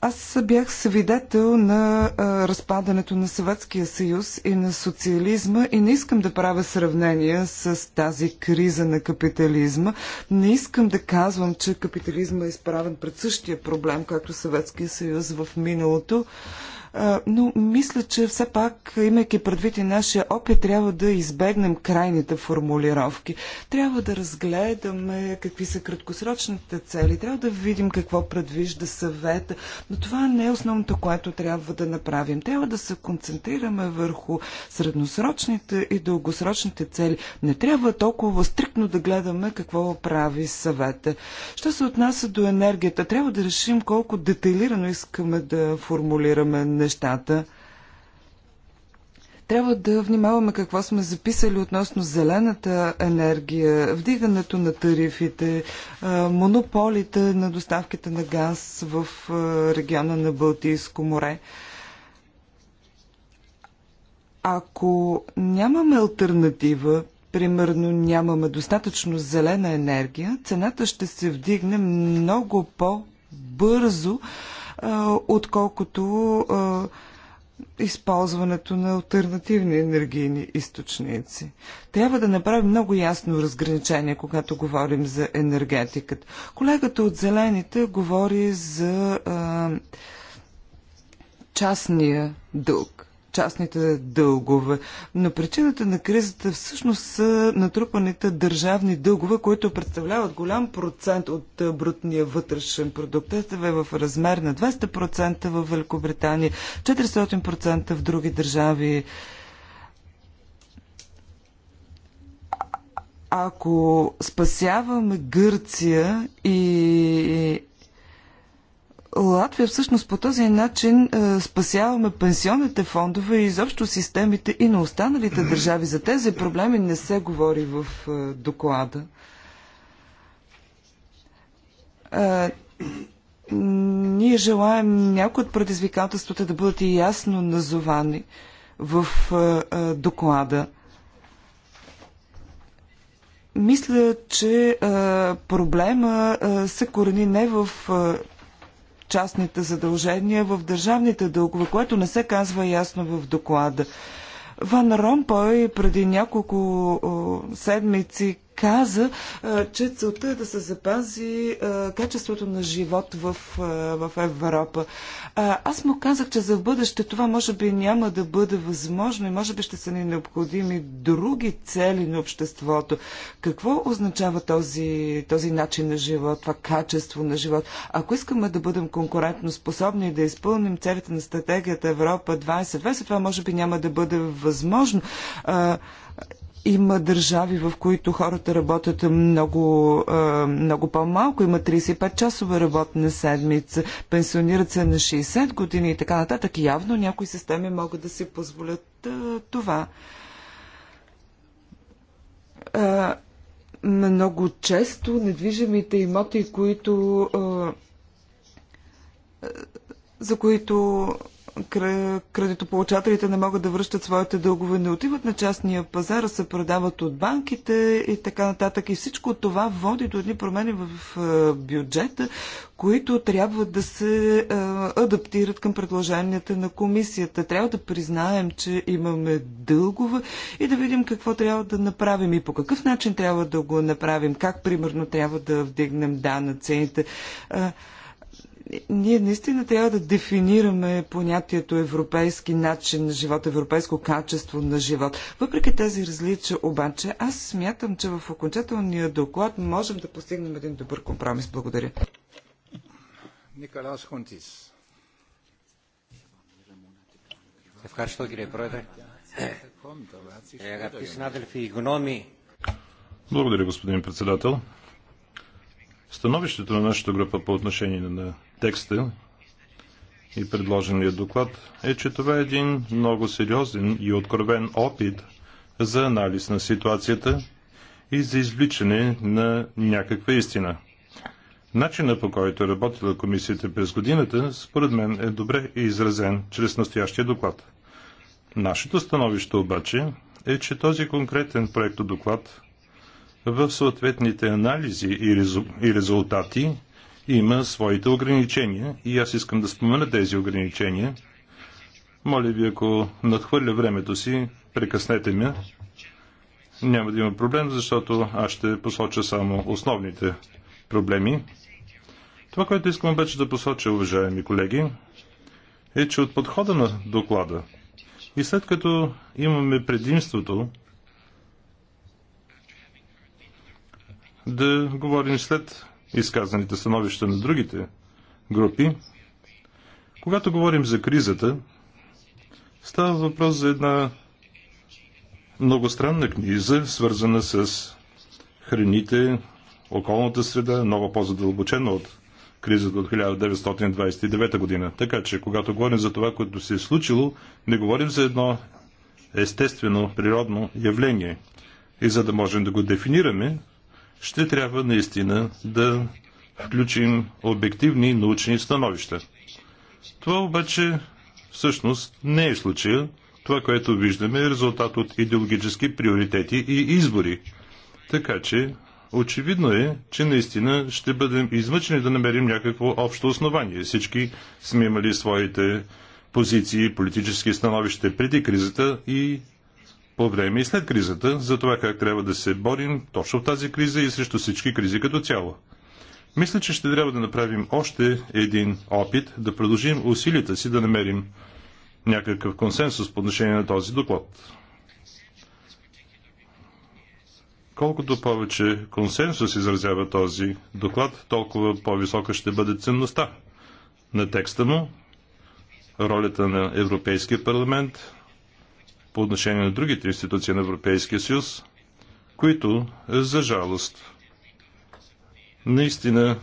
Аз бях свидетел на а, разпадането на Съветския съюз и на социализма и не искам да правя сравнения с тази криза на капитализма. Не искам да казвам, че капитализма е изправен пред същия проблем, както Съветския съюз в миналото но мисля, че все пак, имайки предвид и нашия опит, трябва да избегнем крайните формулировки. Трябва да разгледаме какви са краткосрочните цели, трябва да видим какво предвижда съвета, но това не е основното, което трябва да направим. Трябва да се концентрираме върху средносрочните и дългосрочните цели. Не трябва толкова стриктно да гледаме какво прави съвета. Що се отнася до енергията, трябва да решим колко детайлирано искаме да формулираме нещата. Трябва да внимаваме какво сме записали относно зелената енергия, вдигането на тарифите, монополите на доставките на газ в региона на Балтийско море. Ако нямаме альтернатива, примерно нямаме достатъчно зелена енергия, цената ще се вдигне много по-бързо, отколкото използването на альтернативни енергийни източници. Трябва да направим много ясно разграничение, когато говорим за енергетиката. Колегата от Зелените говори за частния дълг частните дългове. Но причината на кризата всъщност са натрупаните държавни дългове, които представляват голям процент от брутния вътрешен продукт. Те е в размер на 200% в Великобритания, 400% в други държави. ако спасяваме Гърция и Латвия всъщност по този начин е, спасяваме пенсионните фондове и изобщо системите и на останалите държави. За тези проблеми не се говори в е, доклада е, ние желаем някои от предизвикателствата да бъдат и ясно назовани в доклада. Мисля, че проблема се корени не в частните задължения в държавните дългове, което не се казва ясно в доклада. Ван Ромпой преди няколко седмици каза, че целта е да се запази качеството на живот в, в Европа. Аз му казах, че за в бъдеще това може би няма да бъде възможно и може би ще са ни необходими други цели на обществото. Какво означава този, този начин на живот, това качество на живот? Ако искаме да бъдем конкурентно способни и да изпълним целите на стратегията Европа 2020, това може би няма да бъде възможно има държави, в които хората работят много, много по-малко, има 35 часова работна седмица, пенсионират се на 60 години и така нататък. Явно някои системи могат да си позволят това много често недвижимите имоти, които, за които кредитополучателите не могат да връщат своите дългове, не отиват на частния пазар, а се продават от банките и така нататък. И всичко това води до едни промени в бюджета, които трябва да се адаптират към предложенията на комисията. Трябва да признаем, че имаме дългове и да видим какво трябва да направим и по какъв начин трябва да го направим, как примерно трябва да вдигнем данъците. цените ние наистина трябва да дефинираме понятието европейски начин на живот, европейско качество на живот. Въпреки тези различия, обаче, аз смятам, че в окончателния доклад можем да постигнем един добър компромис. Благодаря. Николас Хунтис. Благодаря, господин председател. Становището на нашата група по отношение на текста и предложения доклад е, че това е един много сериозен и откровен опит за анализ на ситуацията и за извличане на някаква истина. Начина по който е работила комисията през годината, според мен е добре изразен чрез настоящия доклад. Нашето становище обаче е, че този конкретен проект доклад в съответните анализи и резултати има своите ограничения и аз искам да спомена тези ограничения. Моля ви, ако надхвърля времето си, прекъснете ме. Няма да има проблем, защото аз ще посоча само основните проблеми. Това, което искам обаче да посоча, уважаеми колеги, е, че от подхода на доклада и след като имаме предимството да говорим след изказаните становища на другите групи. Когато говорим за кризата, става въпрос за една многостранна книза, свързана с храните, околната среда, много по-задълбочена от кризата от 1929 година. Така че, когато говорим за това, което се е случило, не говорим за едно естествено, природно явление. И за да можем да го дефинираме, ще трябва наистина да включим обективни научни становища. Това обаче всъщност не е случая. Това, което виждаме е резултат от идеологически приоритети и избори. Така че очевидно е, че наистина ще бъдем измъчени да намерим някакво общо основание. Всички сме имали своите позиции, политически становища преди кризата и по време и след кризата за това как трябва да се борим точно в тази криза и срещу всички кризи като цяло. Мисля, че ще трябва да направим още един опит да продължим усилията си да намерим някакъв консенсус по отношение на този доклад. Колкото повече консенсус изразява този доклад, толкова по-висока ще бъде ценността на текста му, ролята на Европейския парламент, по отношение на другите институции на Европейския съюз, които, за жалост, наистина,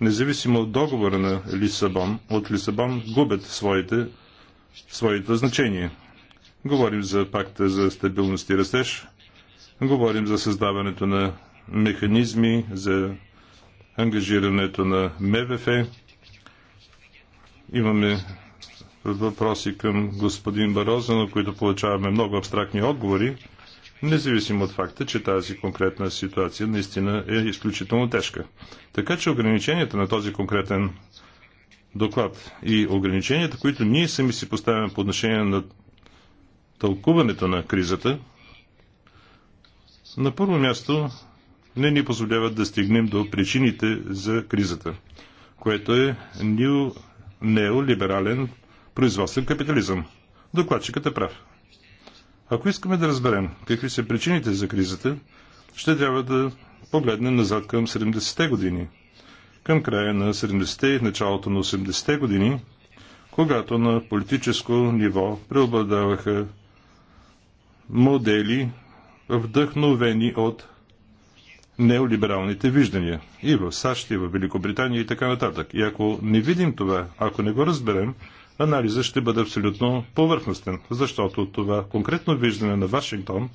независимо от договора на Лисабон, от Лисабон губят своите, своите значения. Говорим за пакта за стабилност и растеж, говорим за създаването на механизми, за ангажирането на МВФ. Имаме въпроси към господин Бароза, на които получаваме много абстрактни отговори, независимо от факта, че тази конкретна ситуация наистина е изключително тежка. Така че ограниченията на този конкретен доклад и ограниченията, които ние сами си поставяме по отношение на тълкуването на кризата, на първо място не ни позволяват да стигнем до причините за кризата, което е неолиберален производствен капитализъм. Докладчикът е прав. Ако искаме да разберем какви са причините за кризата, ще трябва да погледнем назад към 70-те години. Към края на 70-те и началото на 80-те години, когато на политическо ниво преобладаваха модели, вдъхновени от неолибералните виждания и в САЩ, и в Великобритания и така нататък. И ако не видим това, ако не го разберем, анализа ще бъде абсолютно повърхностен, защото това конкретно виждане на Вашингтон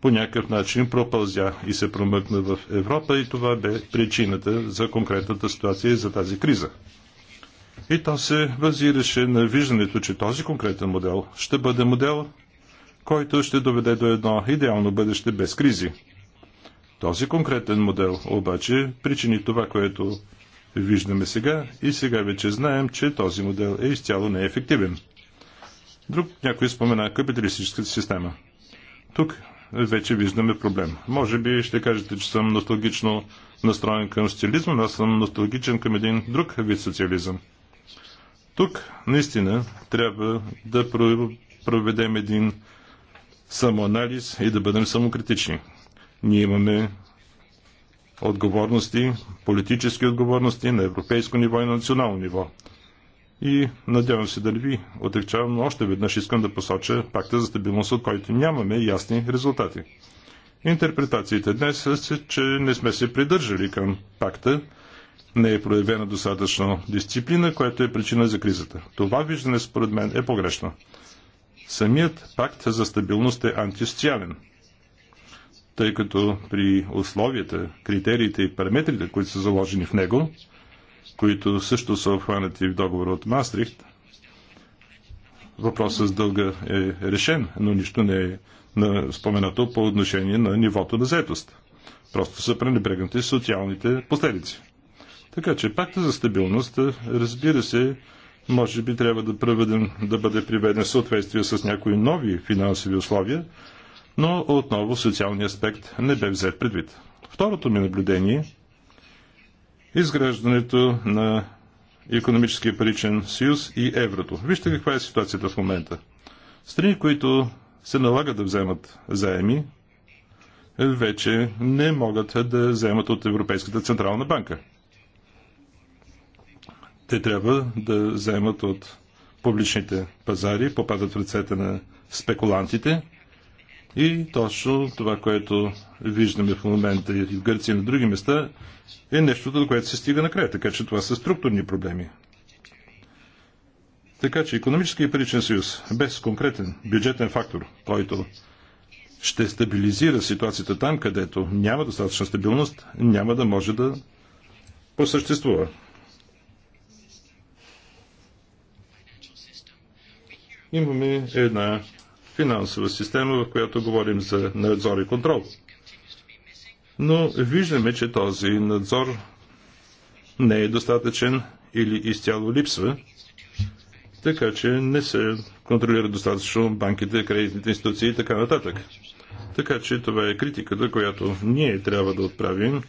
по някакъв начин пропълзя и се промъкна в Европа и това бе причината за конкретната ситуация и за тази криза. И то се базираше на виждането, че този конкретен модел ще бъде модел, който ще доведе до едно идеално бъдеще без кризи. Този конкретен модел обаче причини това, което виждаме сега и сега вече знаем, че този модел е изцяло неефективен. Друг някой спомена капиталистическата система. Тук вече виждаме проблем. Може би ще кажете, че съм носталгично настроен към социализма, но аз съм носталгичен към един друг вид социализъм. Тук наистина трябва да проведем един самоанализ и да бъдем самокритични. Ние имаме отговорности, политически отговорности на европейско ниво и на национално ниво. И надявам се да не ви отекчавам, но още веднъж искам да посоча пакта за стабилност, от който нямаме ясни резултати. Интерпретациите днес са, че не сме се придържали към пакта, не е проявена достатъчно дисциплина, която е причина за кризата. Това виждане според мен е погрешно. Самият пакт за стабилност е антисоциален – тъй като при условията, критериите и параметрите, които са заложени в него, които също са обхванати в договора от Мастрихт, въпросът с дълга е решен, но нищо не е споменато по отношение на нивото на заетост. Просто са пренебрегнати социалните последици. Така че пакта за стабилност, разбира се, може би трябва да, преведем, да бъде приведен в съответствие с някои нови финансови условия, но отново социалният аспект не бе взет предвид. Второто ми наблюдение – изграждането на економическия паричен съюз и еврото. Вижте каква е ситуацията в момента. Страни, които се налагат да вземат заеми, вече не могат да вземат от Европейската централна банка. Те трябва да вземат от публичните пазари, попадат в ръцете на спекулантите – и точно това, което виждаме в момента и в Гърция и на други места, е нещото, до което се стига накрая. Така че това са структурни проблеми. Така че економически и паричен съюз, без конкретен бюджетен фактор, който ще стабилизира ситуацията там, където няма достатъчна стабилност, няма да може да посъществува. Имаме една финансова система, в която говорим за надзор и контрол. Но виждаме, че този надзор не е достатъчен или изцяло липсва, така че не се контролират достатъчно банките, кредитните институции и така нататък. Така че това е критиката, която ние трябва да отправим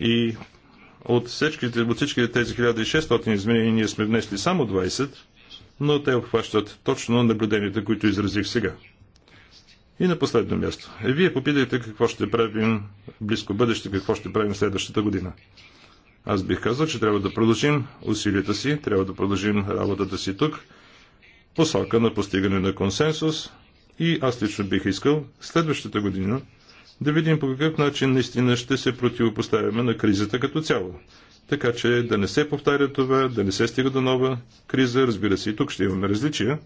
и от всичките, от всичките тези 1600 изменения ние сме внесли само 20, но те обхващат точно наблюденията, които изразих сега. И на последно място. Е, вие попитайте какво ще правим в близко бъдеще, какво ще правим следващата година. Аз бих казал, че трябва да продължим усилията си, трябва да продължим работата си тук, посока на постигане на консенсус и аз лично бих искал следващата година да видим по какъв начин наистина ще се противопоставяме на кризата като цяло така че да не се повтаря това, да не се стига до нова криза. Разбира се, и тук ще имаме различия.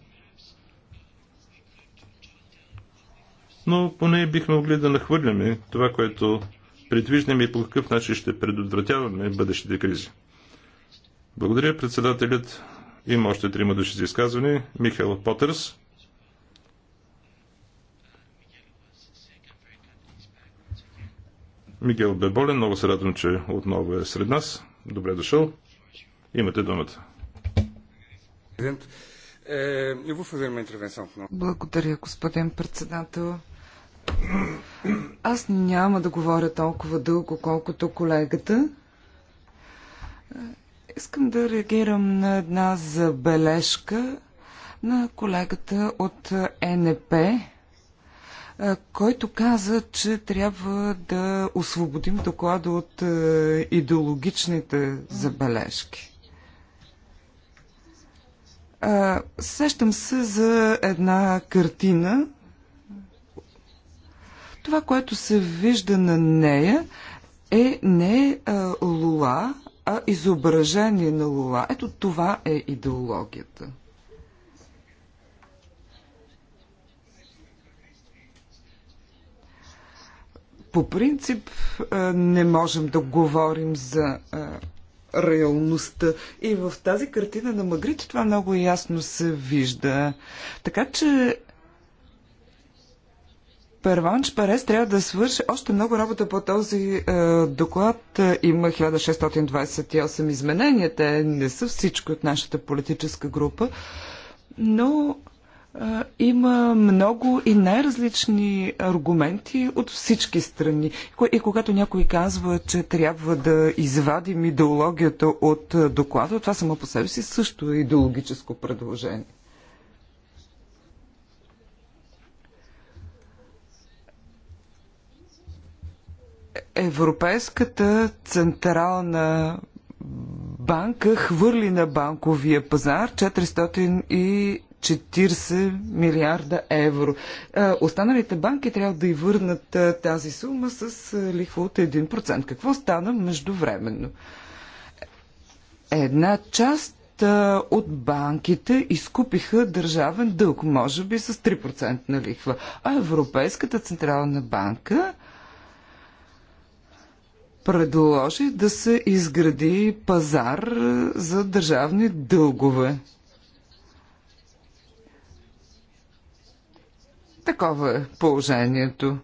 Но поне бихме могли да нахвърляме това, което предвиждаме и по какъв начин ще предотвратяваме бъдещите кризи. Благодаря, председателят. Има още трима души за изказване. Михаил Потърс. Мигел Беболен, много се радвам, че отново е сред нас. Добре дошъл. Имате думата. Е, е Благодаря, господин председател. Аз няма да говоря толкова дълго, колкото колегата. Искам да реагирам на една забележка на колегата от е НП който каза, че трябва да освободим доклада от идеологичните забележки. Сещам се за една картина. Това, което се вижда на нея, е не лула, а изображение на лула. Ето това е идеологията. По принцип не можем да говорим за реалността. И в тази картина на Магрит това много ясно се вижда. Така че Перванш Парес, трябва да свърши още много работа по този е, доклад. Има 1628 изменения. Те не са всички от нашата политическа група, но има много и най-различни аргументи от всички страни. И когато някой казва, че трябва да извадим идеологията от доклада, това само по себе си също е идеологическо предложение. Европейската централна банка хвърли на банковия пазар 440 милиарда евро. Е, останалите банки трябва да й върнат е, тази сума с е, лихва от 1%. Какво стана междувременно? Една част от банките изкупиха държавен дълг, може би с 3% на лихва. А Европейската централна банка предложи да се изгради пазар за държавни дългове. Такова е положението.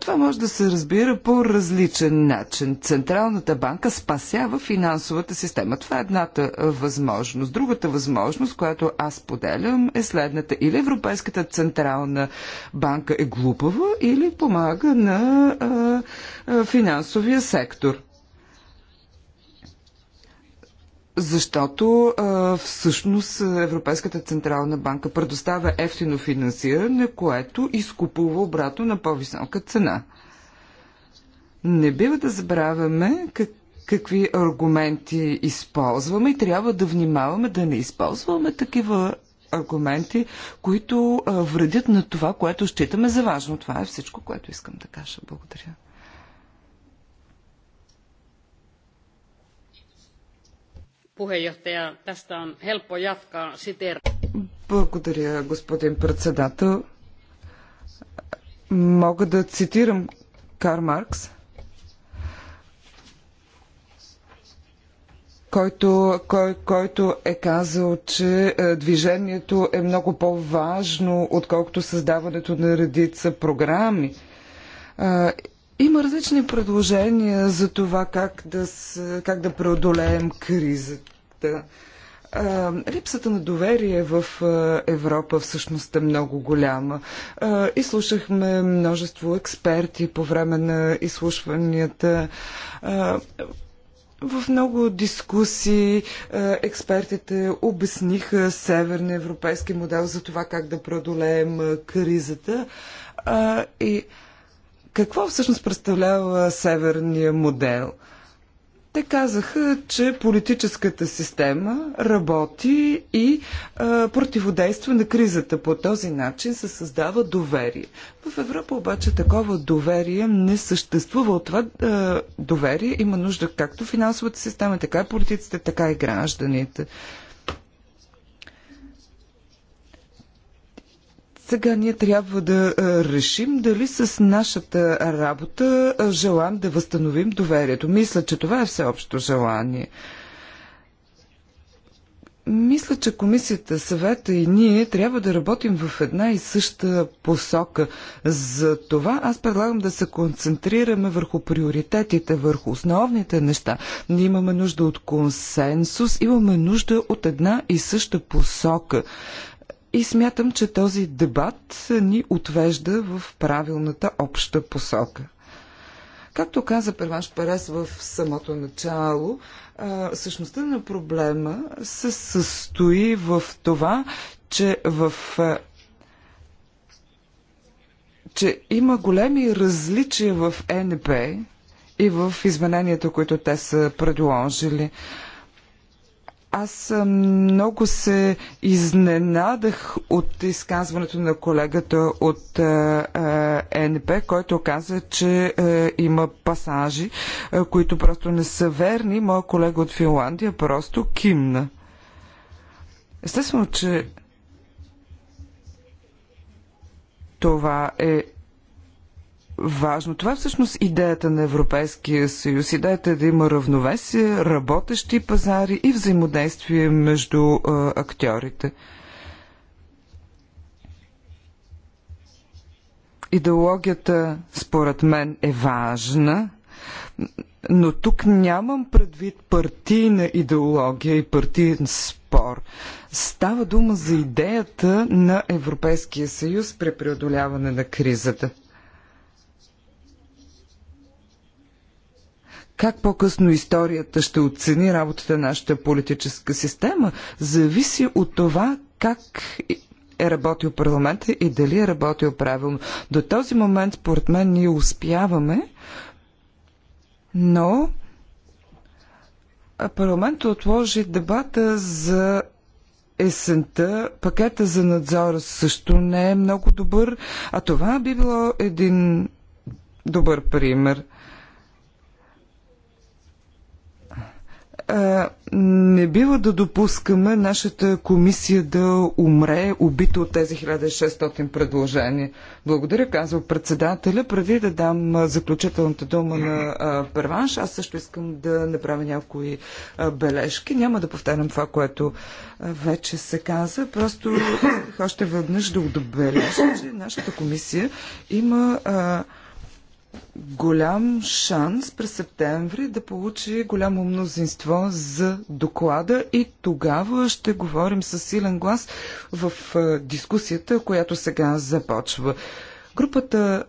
Това може да се разбира по различен начин. Централната банка спасява финансовата система. Това е едната възможност. Другата възможност, която аз поделям, е следната. Или Европейската централна банка е глупава, или помага на а, а, финансовия сектор. Защото а, всъщност Европейската централна банка предоставя ефтино финансиране, което изкупува обратно на по-висока цена. Не бива да забравяме как, какви аргументи използваме и трябва да внимаваме да не използваме такива аргументи, които а, вредят на това, което считаме за важно. Това е всичко, което искам да кажа. Благодаря. puheenjohtaja. Tästä on helppo jatkaa Благодаря, господин председател. Мога да цитирам Кар Маркс, който, кой, който е казал, че е, движението е много по-важно, отколкото създаването на редица програми. Е, има различни предложения за това как да, как да преодолеем кризата факта. Липсата на доверие в Европа всъщност е много голяма. И слушахме множество експерти по време на изслушванията. В много дискусии експертите обясниха северния европейски модел за това как да преодолеем кризата. И какво всъщност представлява северния модел? Те казаха, че политическата система работи и а, е, противодейства на кризата. По този начин се създава доверие. В Европа обаче такова доверие не съществува. От това а, е, доверие има нужда както финансовата система, така и политиците, така и гражданите. Сега ние трябва да решим дали с нашата работа желаем да възстановим доверието. Мисля, че това е всеобщо желание. Мисля, че комисията, съвета и ние трябва да работим в една и съща посока. За това аз предлагам да се концентрираме върху приоритетите, върху основните неща. Ние имаме нужда от консенсус, имаме нужда от една и съща посока. И смятам, че този дебат ни отвежда в правилната обща посока. Както каза Перванш Перес в самото начало, същността на проблема се състои в това, че в че има големи различия в НП и в измененията, които те са предложили. Аз много се изненадах от изказването на колегата от НП, който каза, че има пасажи, които просто не са верни. Моя колега от Финландия просто кимна. Естествено, че това е важно. Това е всъщност идеята на Европейския съюз. Идеята е да има равновесие, работещи пазари и взаимодействие между а, актьорите. Идеологията, според мен, е важна, но тук нямам предвид партийна идеология и партиен спор. Става дума за идеята на Европейския съюз при преодоляване на кризата. как по-късно историята ще оцени работата на нашата политическа система, зависи от това как е работил парламента и дали е работил правилно. До този момент, според мен, ние успяваме, но парламентът отложи дебата за есента. Пакета за надзора също не е много добър, а това би било един добър пример. не бива да допускаме нашата комисия да умре, убита от тези 1600 предложения. Благодаря, казва председателя. Преди да дам заключителната дума на Перванш, аз също искам да направя някои бележки. Няма да повтарям това, което вече се каза. Просто още веднъж да отбележа, че нашата комисия има голям шанс през септември да получи голямо мнозинство за доклада и тогава ще говорим със силен глас в дискусията, която сега започва. Групата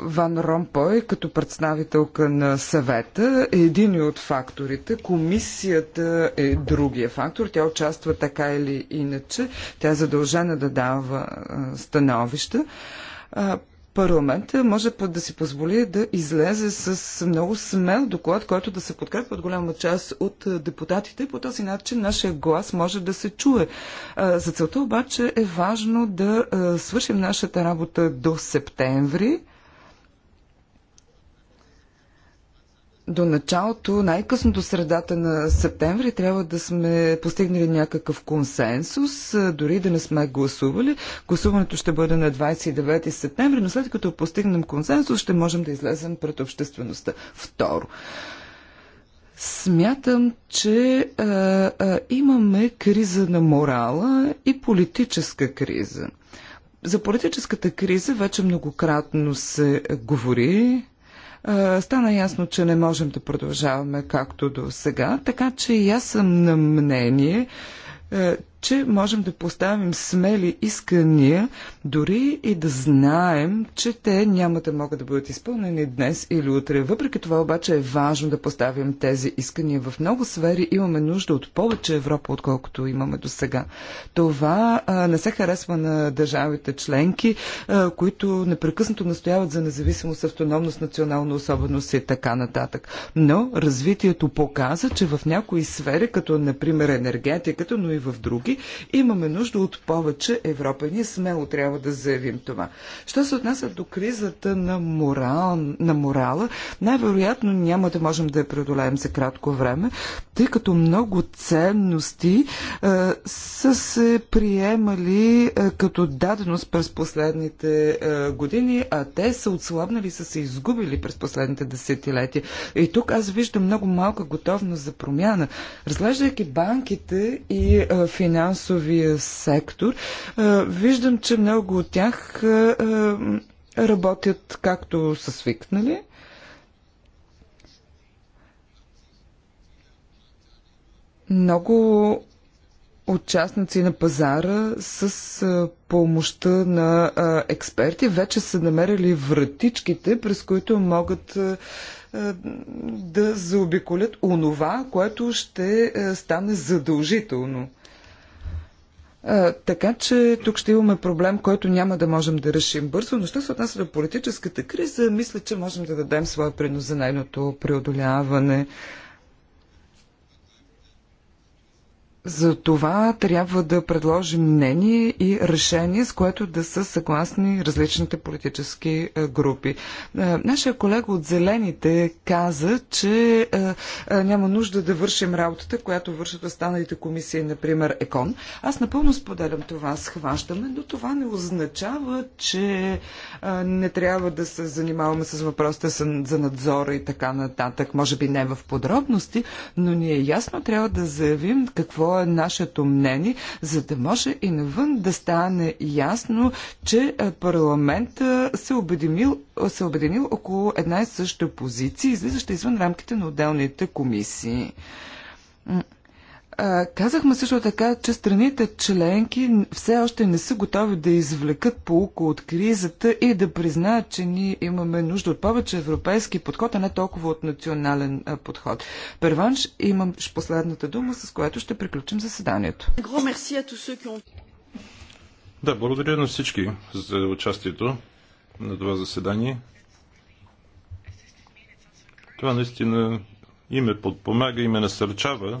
Ван Ромпой, като представителка на съвета, е един от факторите. Комисията е другия фактор. Тя участва така или иначе. Тя е задължена да дава становища парламента може път да си позволи да излезе с много смел доклад, който да се подкрепва от голяма част от депутатите. По този начин нашия глас може да се чуе. За целта обаче е важно да свършим нашата работа до септември до началото, най-късно до средата на септември, трябва да сме постигнали някакъв консенсус, дори да не сме гласували. Гласуването ще бъде на 29 септември, но след като постигнем консенсус, ще можем да излезем пред обществеността. Второ. Смятам, че а, а, имаме криза на морала и политическа криза. За политическата криза вече многократно се говори, стана ясно, че не можем да продължаваме както до сега, така че и аз съм на мнение, е, че можем да поставим смели искания, дори и да знаем, че те няма да могат да бъдат изпълнени днес или утре. Въпреки това обаче е важно да поставим тези искания. В много сфери имаме нужда от повече Европа, отколкото имаме до сега. Това а, не се харесва на държавите членки, а, които непрекъснато настояват за независимост, автономност, национална особеност и така нататък. Но развитието показа, че в някои сфери, като например енергетиката, но и в други, стоки. Имаме нужда от повече Европа. Ние смело трябва да заявим това. Що се отнася до кризата на, морал, на морала, най-вероятно няма да можем да я преодолеем за кратко време, тъй като много ценности е, са се приемали е, като даденост през последните е, години, а те са отслабнали, са се изгубили през последните десетилетия. И тук аз виждам много малка готовност за промяна. Разглеждайки банките и е, финансите, финансовия сектор, виждам, че много от тях работят както са свикнали. Много участници на пазара с помощта на експерти вече са намерили вратичките, през които могат да заобиколят онова, което ще стане задължително така че тук ще имаме проблем, който няма да можем да решим бързо, но що се отнася до политическата криза, мисля, че можем да дадем своя принос за нейното преодоляване. За това трябва да предложим мнение и решение, с което да са съгласни различните политически е, групи. Е, нашия колега от Зелените каза, че е, няма нужда да вършим работата, която вършат останалите комисии, например ЕКОН. Аз напълно споделям това схващаме, но това не означава, че не трябва да се занимаваме с въпросите за надзора и така нататък. Може би не в подробности, но ние ясно трябва да заявим какво е е нашето мнение, за да може и навън да стане ясно, че е, парламент е, се обединил, е, се обединил около една и съща позиция, излизаща извън рамките на отделните комисии. Казахме също така, че страните членки все още не са готови да извлекат полуко от кризата и да признаят, че ние имаме нужда от повече европейски подход, а не толкова от национален подход. Перванш, имам последната дума, с която ще приключим заседанието. Да, благодаря на всички за участието на това заседание. Това наистина и ме подпомага, и ме насърчава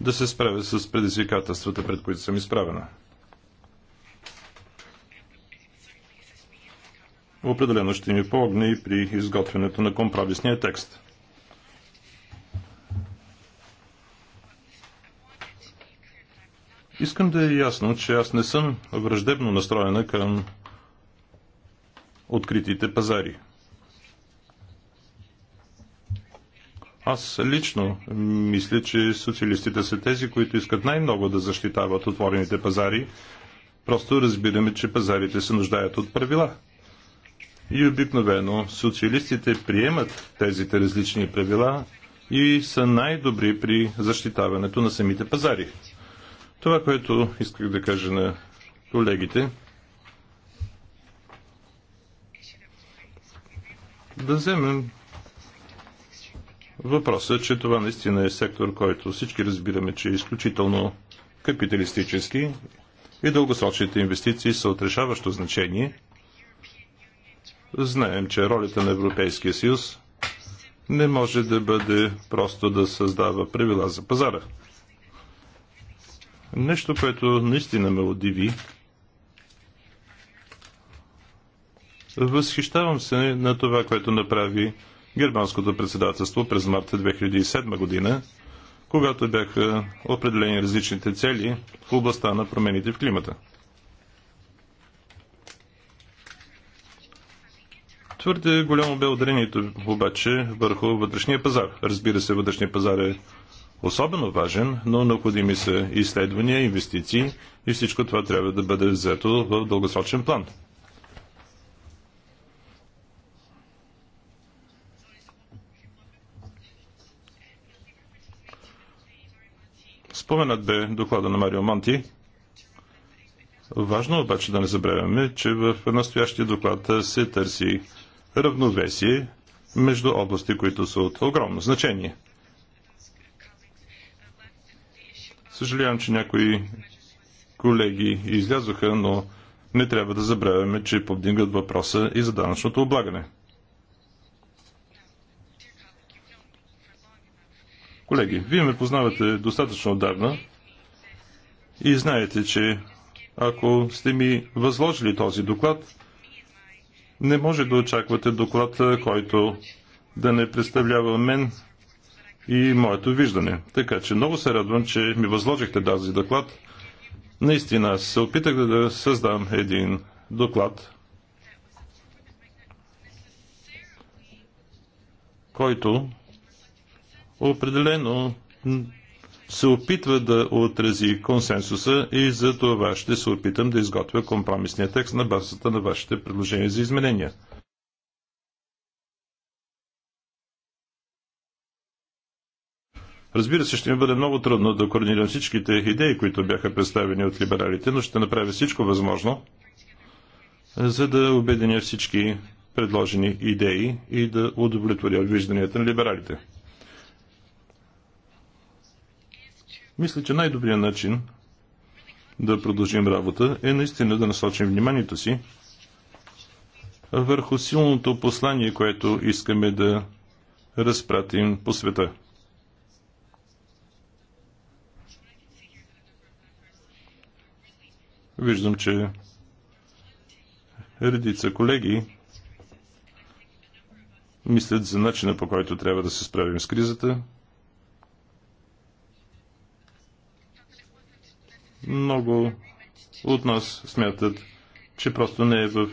да се справя с предизвикателствата, пред които съм изправена. Определено ще ми помогне и при изготвянето на компромисния текст. Искам да е ясно, че аз не съм враждебно настроена към откритите пазари. Аз лично мисля, че социалистите са тези, които искат най-много да защитават отворените пазари. Просто разбираме, че пазарите се нуждаят от правила. И обикновено социалистите приемат тези различни правила и са най-добри при защитаването на самите пазари. Това, което исках да кажа на колегите, да вземем Въпросът е, че това наистина е сектор, който всички разбираме, че е изключително капиталистически и дългосрочните инвестиции са от решаващо значение. Знаем, че ролята на Европейския съюз не може да бъде просто да създава правила за пазара. Нещо, което наистина ме удиви, възхищавам се на това, което направи германското председателство през март 2007 година, когато бяха определени различните цели в областта на промените в климата. Твърде голямо бе ударението обаче върху вътрешния пазар. Разбира се, вътрешния пазар е особено важен, но необходими са изследвания, инвестиции и всичко това трябва да бъде взето в дългосрочен план. Споменат бе доклада на Марио Монти. Важно обаче да не забравяме, че в настоящия доклад се търси равновесие между области, които са от огромно значение. Съжалявам, че някои колеги излязоха, но не трябва да забравяме, че повдигат въпроса и за данъчното облагане. Колеги, вие ме познавате достатъчно отдавна и знаете, че ако сте ми възложили този доклад, не може да очаквате доклад, който да не представлява мен и моето виждане. Така че много се радвам, че ми възложихте тази доклад. Наистина, се опитах да създам един доклад, който определено се опитва да отрази консенсуса и за това ще се опитам да изготвя компромисния текст на базата на вашите предложения за изменения. Разбира се, ще ми бъде много трудно да координирам всичките идеи, които бяха представени от либералите, но ще направя всичко възможно, за да обединя всички предложени идеи и да удовлетворя вижданията на либералите. Мисля, че най-добрият начин да продължим работа е наистина да насочим вниманието си върху силното послание, което искаме да разпратим по света. Виждам, че редица колеги мислят за начина по който трябва да се справим с кризата – Много от нас смятат, че просто не е в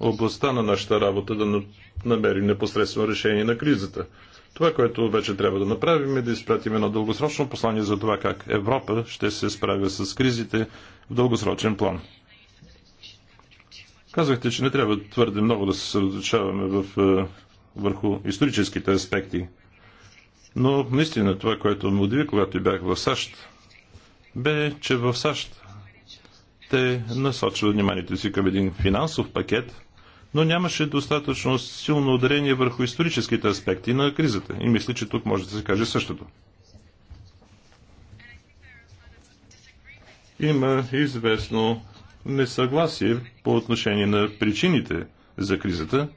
областта на нашата работа да намерим непосредствено решение на кризата. Това, което вече трябва да направим е да изпратим едно дългосрочно послание за това как Европа ще се справя с кризите в дългосрочен план. Казахте, че не трябва твърде много да се съсредоточаваме е, върху историческите аспекти. Но наистина това, което ме удиви, когато бях в САЩ, бе, че в САЩ те насочват вниманието си към един финансов пакет, но нямаше достатъчно силно ударение върху историческите аспекти на кризата. И мисля, че тук може да се каже същото. Има известно несъгласие по отношение на причините за кризата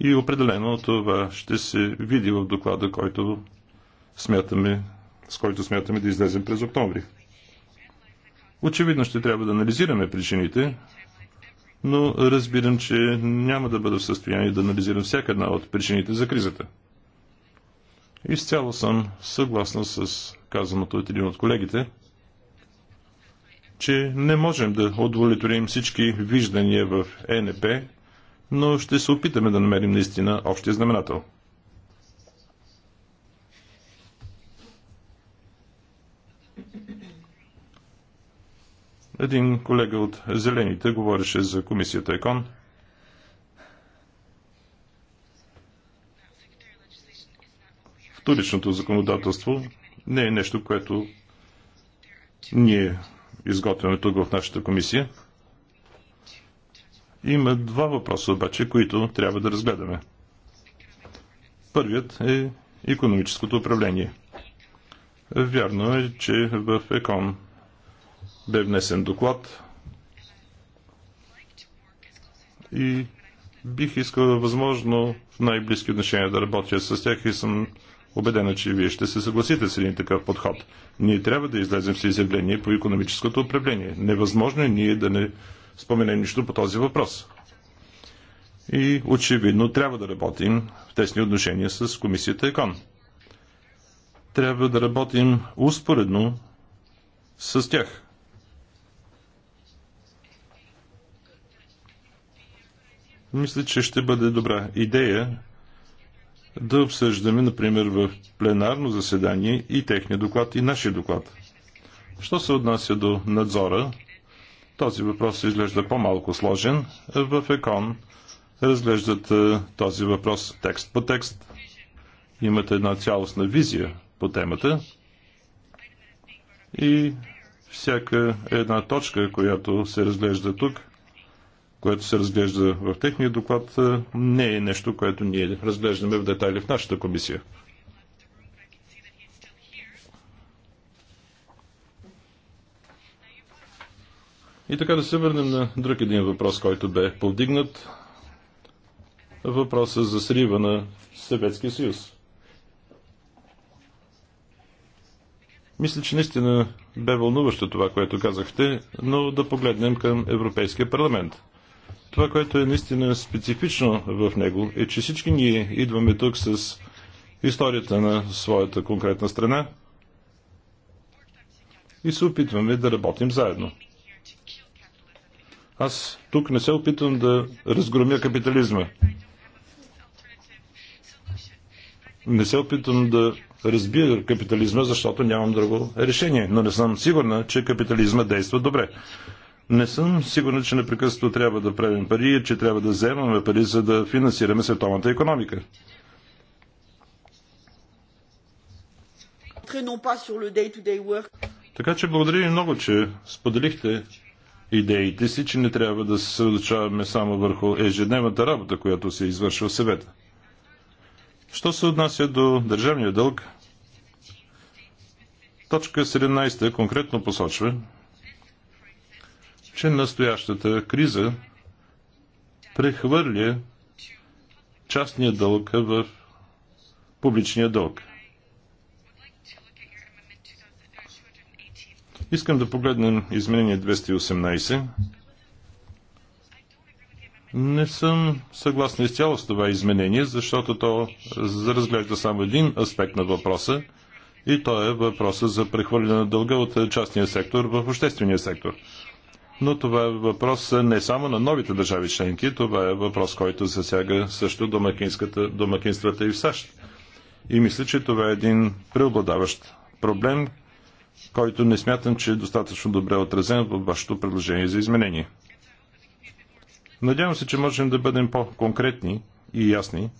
и определено това ще се види в доклада, който смятаме, с който смятаме да излезем през октомври. Очевидно ще трябва да анализираме причините, но разбирам, че няма да бъда в състояние да анализирам всяка една от причините за кризата. Изцяло съм съгласна с казаното от един от колегите, че не можем да удовлетворим всички виждания в ЕНП, но ще се опитаме да намерим наистина общия знаменател – Един колега от Зелените говореше за комисията ЕКОН. Вторичното законодателство не е нещо, което ние изготвяме тук в нашата комисия. Има два въпроса обаче, които трябва да разгледаме. Първият е економическото управление. Вярно е, че в ЕКОН бе внесен доклад и бих искал възможно в най-близки отношения да работя с тях и съм убедена, че вие ще се съгласите с един такъв подход. Ние трябва да излезем с изявление по економическото управление. Невъзможно е ние да не споменем нищо по този въпрос. И очевидно трябва да работим в тесни отношения с комисията ЕКОН. Трябва да работим успоредно с тях. мисля, че ще бъде добра идея да обсъждаме, например, в пленарно заседание и техния доклад, и нашия доклад. Що се отнася до надзора, този въпрос изглежда по-малко сложен. В ЕКОН разглеждат е, този въпрос текст по текст. Имат една цялостна визия по темата и всяка една точка, която се разглежда тук, което се разглежда в техния доклад, е, не е нещо, което ние разглеждаме в детайли в нашата комисия. И така да се върнем на друг един въпрос, който бе повдигнат. Въпроса за срива на Съветския съюз. Мисля, че наистина бе вълнуващо това, което казахте, но да погледнем към Европейския парламент това, което е наистина специфично в него, е, че всички ние идваме тук с историята на своята конкретна страна и се опитваме да работим заедно. Аз тук не се опитвам да разгромя капитализма. Не се опитвам да разбия капитализма, защото нямам друго решение. Но не съм сигурна, че капитализма действа добре. Не съм сигурен, че непрекъснато трябва да правим пари и че трябва да вземаме пари, за да финансираме световната економика. Така че благодаря ви много, че споделихте идеите си, че не трябва да се съсредоточаваме само върху ежедневната работа, която се извършва в съвета. Що се отнася до държавния дълг, точка 17 конкретно посочва, че настоящата криза прехвърля частния дълг в публичния дълг. Искам да погледнем изменение 218. Не съм съгласен изцяло с това изменение, защото то разглежда само един аспект на въпроса и то е въпроса за прехвърляне на дълга от частния сектор в обществения сектор но това е въпрос не само на новите държави членки, това е въпрос, който засяга също домакинствата и в САЩ. И мисля, че това е един преобладаващ проблем, който не смятам, че е достатъчно добре отразен във вашето предложение за изменение. Надявам се, че можем да бъдем по-конкретни и ясни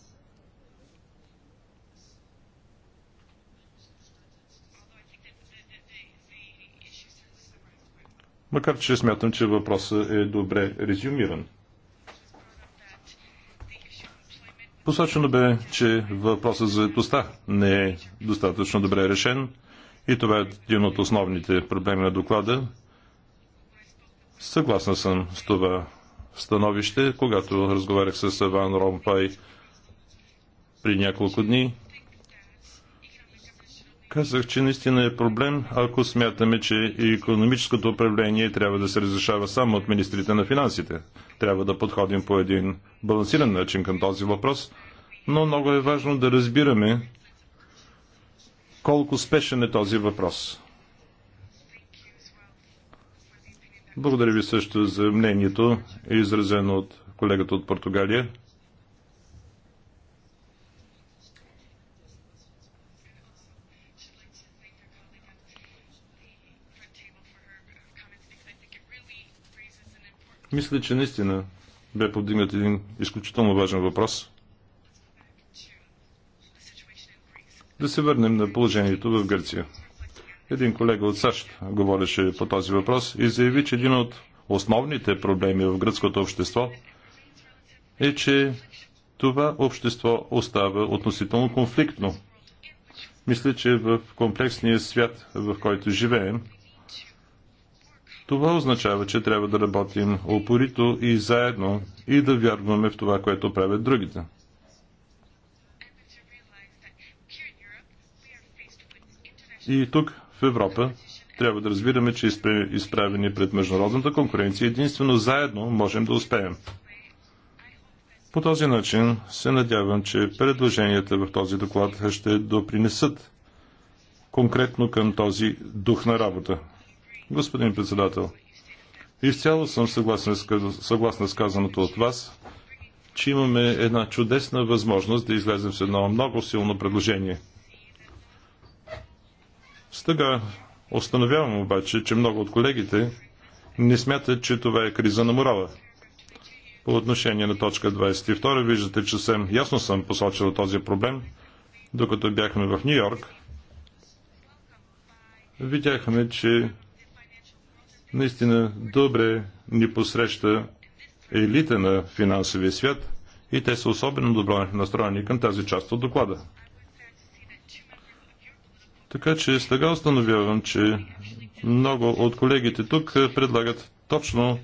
Макар, че смятам, че въпросът е добре резюмиран. Посочено бе, че въпросът за етостта не е достатъчно добре решен и това е един от основните проблеми на доклада. Съгласна съм с това становище. Когато разговарях с Иван Ромпай при няколко дни, Казах, че наистина е проблем, ако смятаме, че економическото управление трябва да се разрешава само от министрите на финансите. Трябва да подходим по един балансиран начин към този въпрос, но много е важно да разбираме колко спешен е този въпрос. Благодаря ви също за мнението, изразено от колегата от Португалия. Мисля, че наистина бе подигнат един изключително важен въпрос. Да се върнем на положението в Гърция. Един колега от САЩ говореше по този въпрос и заяви, че един от основните проблеми в гръцкото общество е, че това общество остава относително конфликтно. Мисля, че в комплексния свят, в който живеем, това означава, че трябва да работим упорито и заедно и да вярваме в това, което правят другите. И тук, в Европа, трябва да разбираме, че изправени пред международната конкуренция, единствено заедно можем да успеем. По този начин се надявам, че предложенията в този доклад ще допринесат конкретно към този дух на работа. Господин председател, изцяло съм съгласен, съгласен с казаното от вас, че имаме една чудесна възможност да излезем с едно много силно предложение. С тъга установявам обаче, че много от колегите не смятат, че това е криза на морала. По отношение на точка 22 виждате, че съм ясно съм посочил този проблем. Докато бяхме в Нью Йорк, видяхме, че наистина добре ни посреща елита на финансовия свят и те са особено добро настроени към тази част от доклада. Така че сега установявам, че много от колегите тук предлагат точно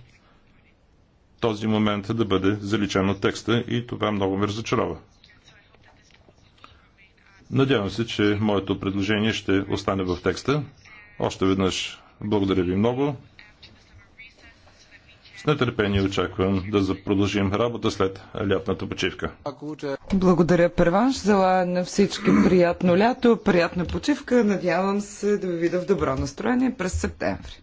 този момент да бъде заличен от текста и това много ме разочарова. Надявам се, че моето предложение ще остане в текста. Още веднъж благодаря ви много. С нетърпение очаквам да продължим работа след лятната почивка. Благодаря, Перванш. Желая на всички приятно лято, приятна почивка. Надявам се да ви видя в добро настроение през септември.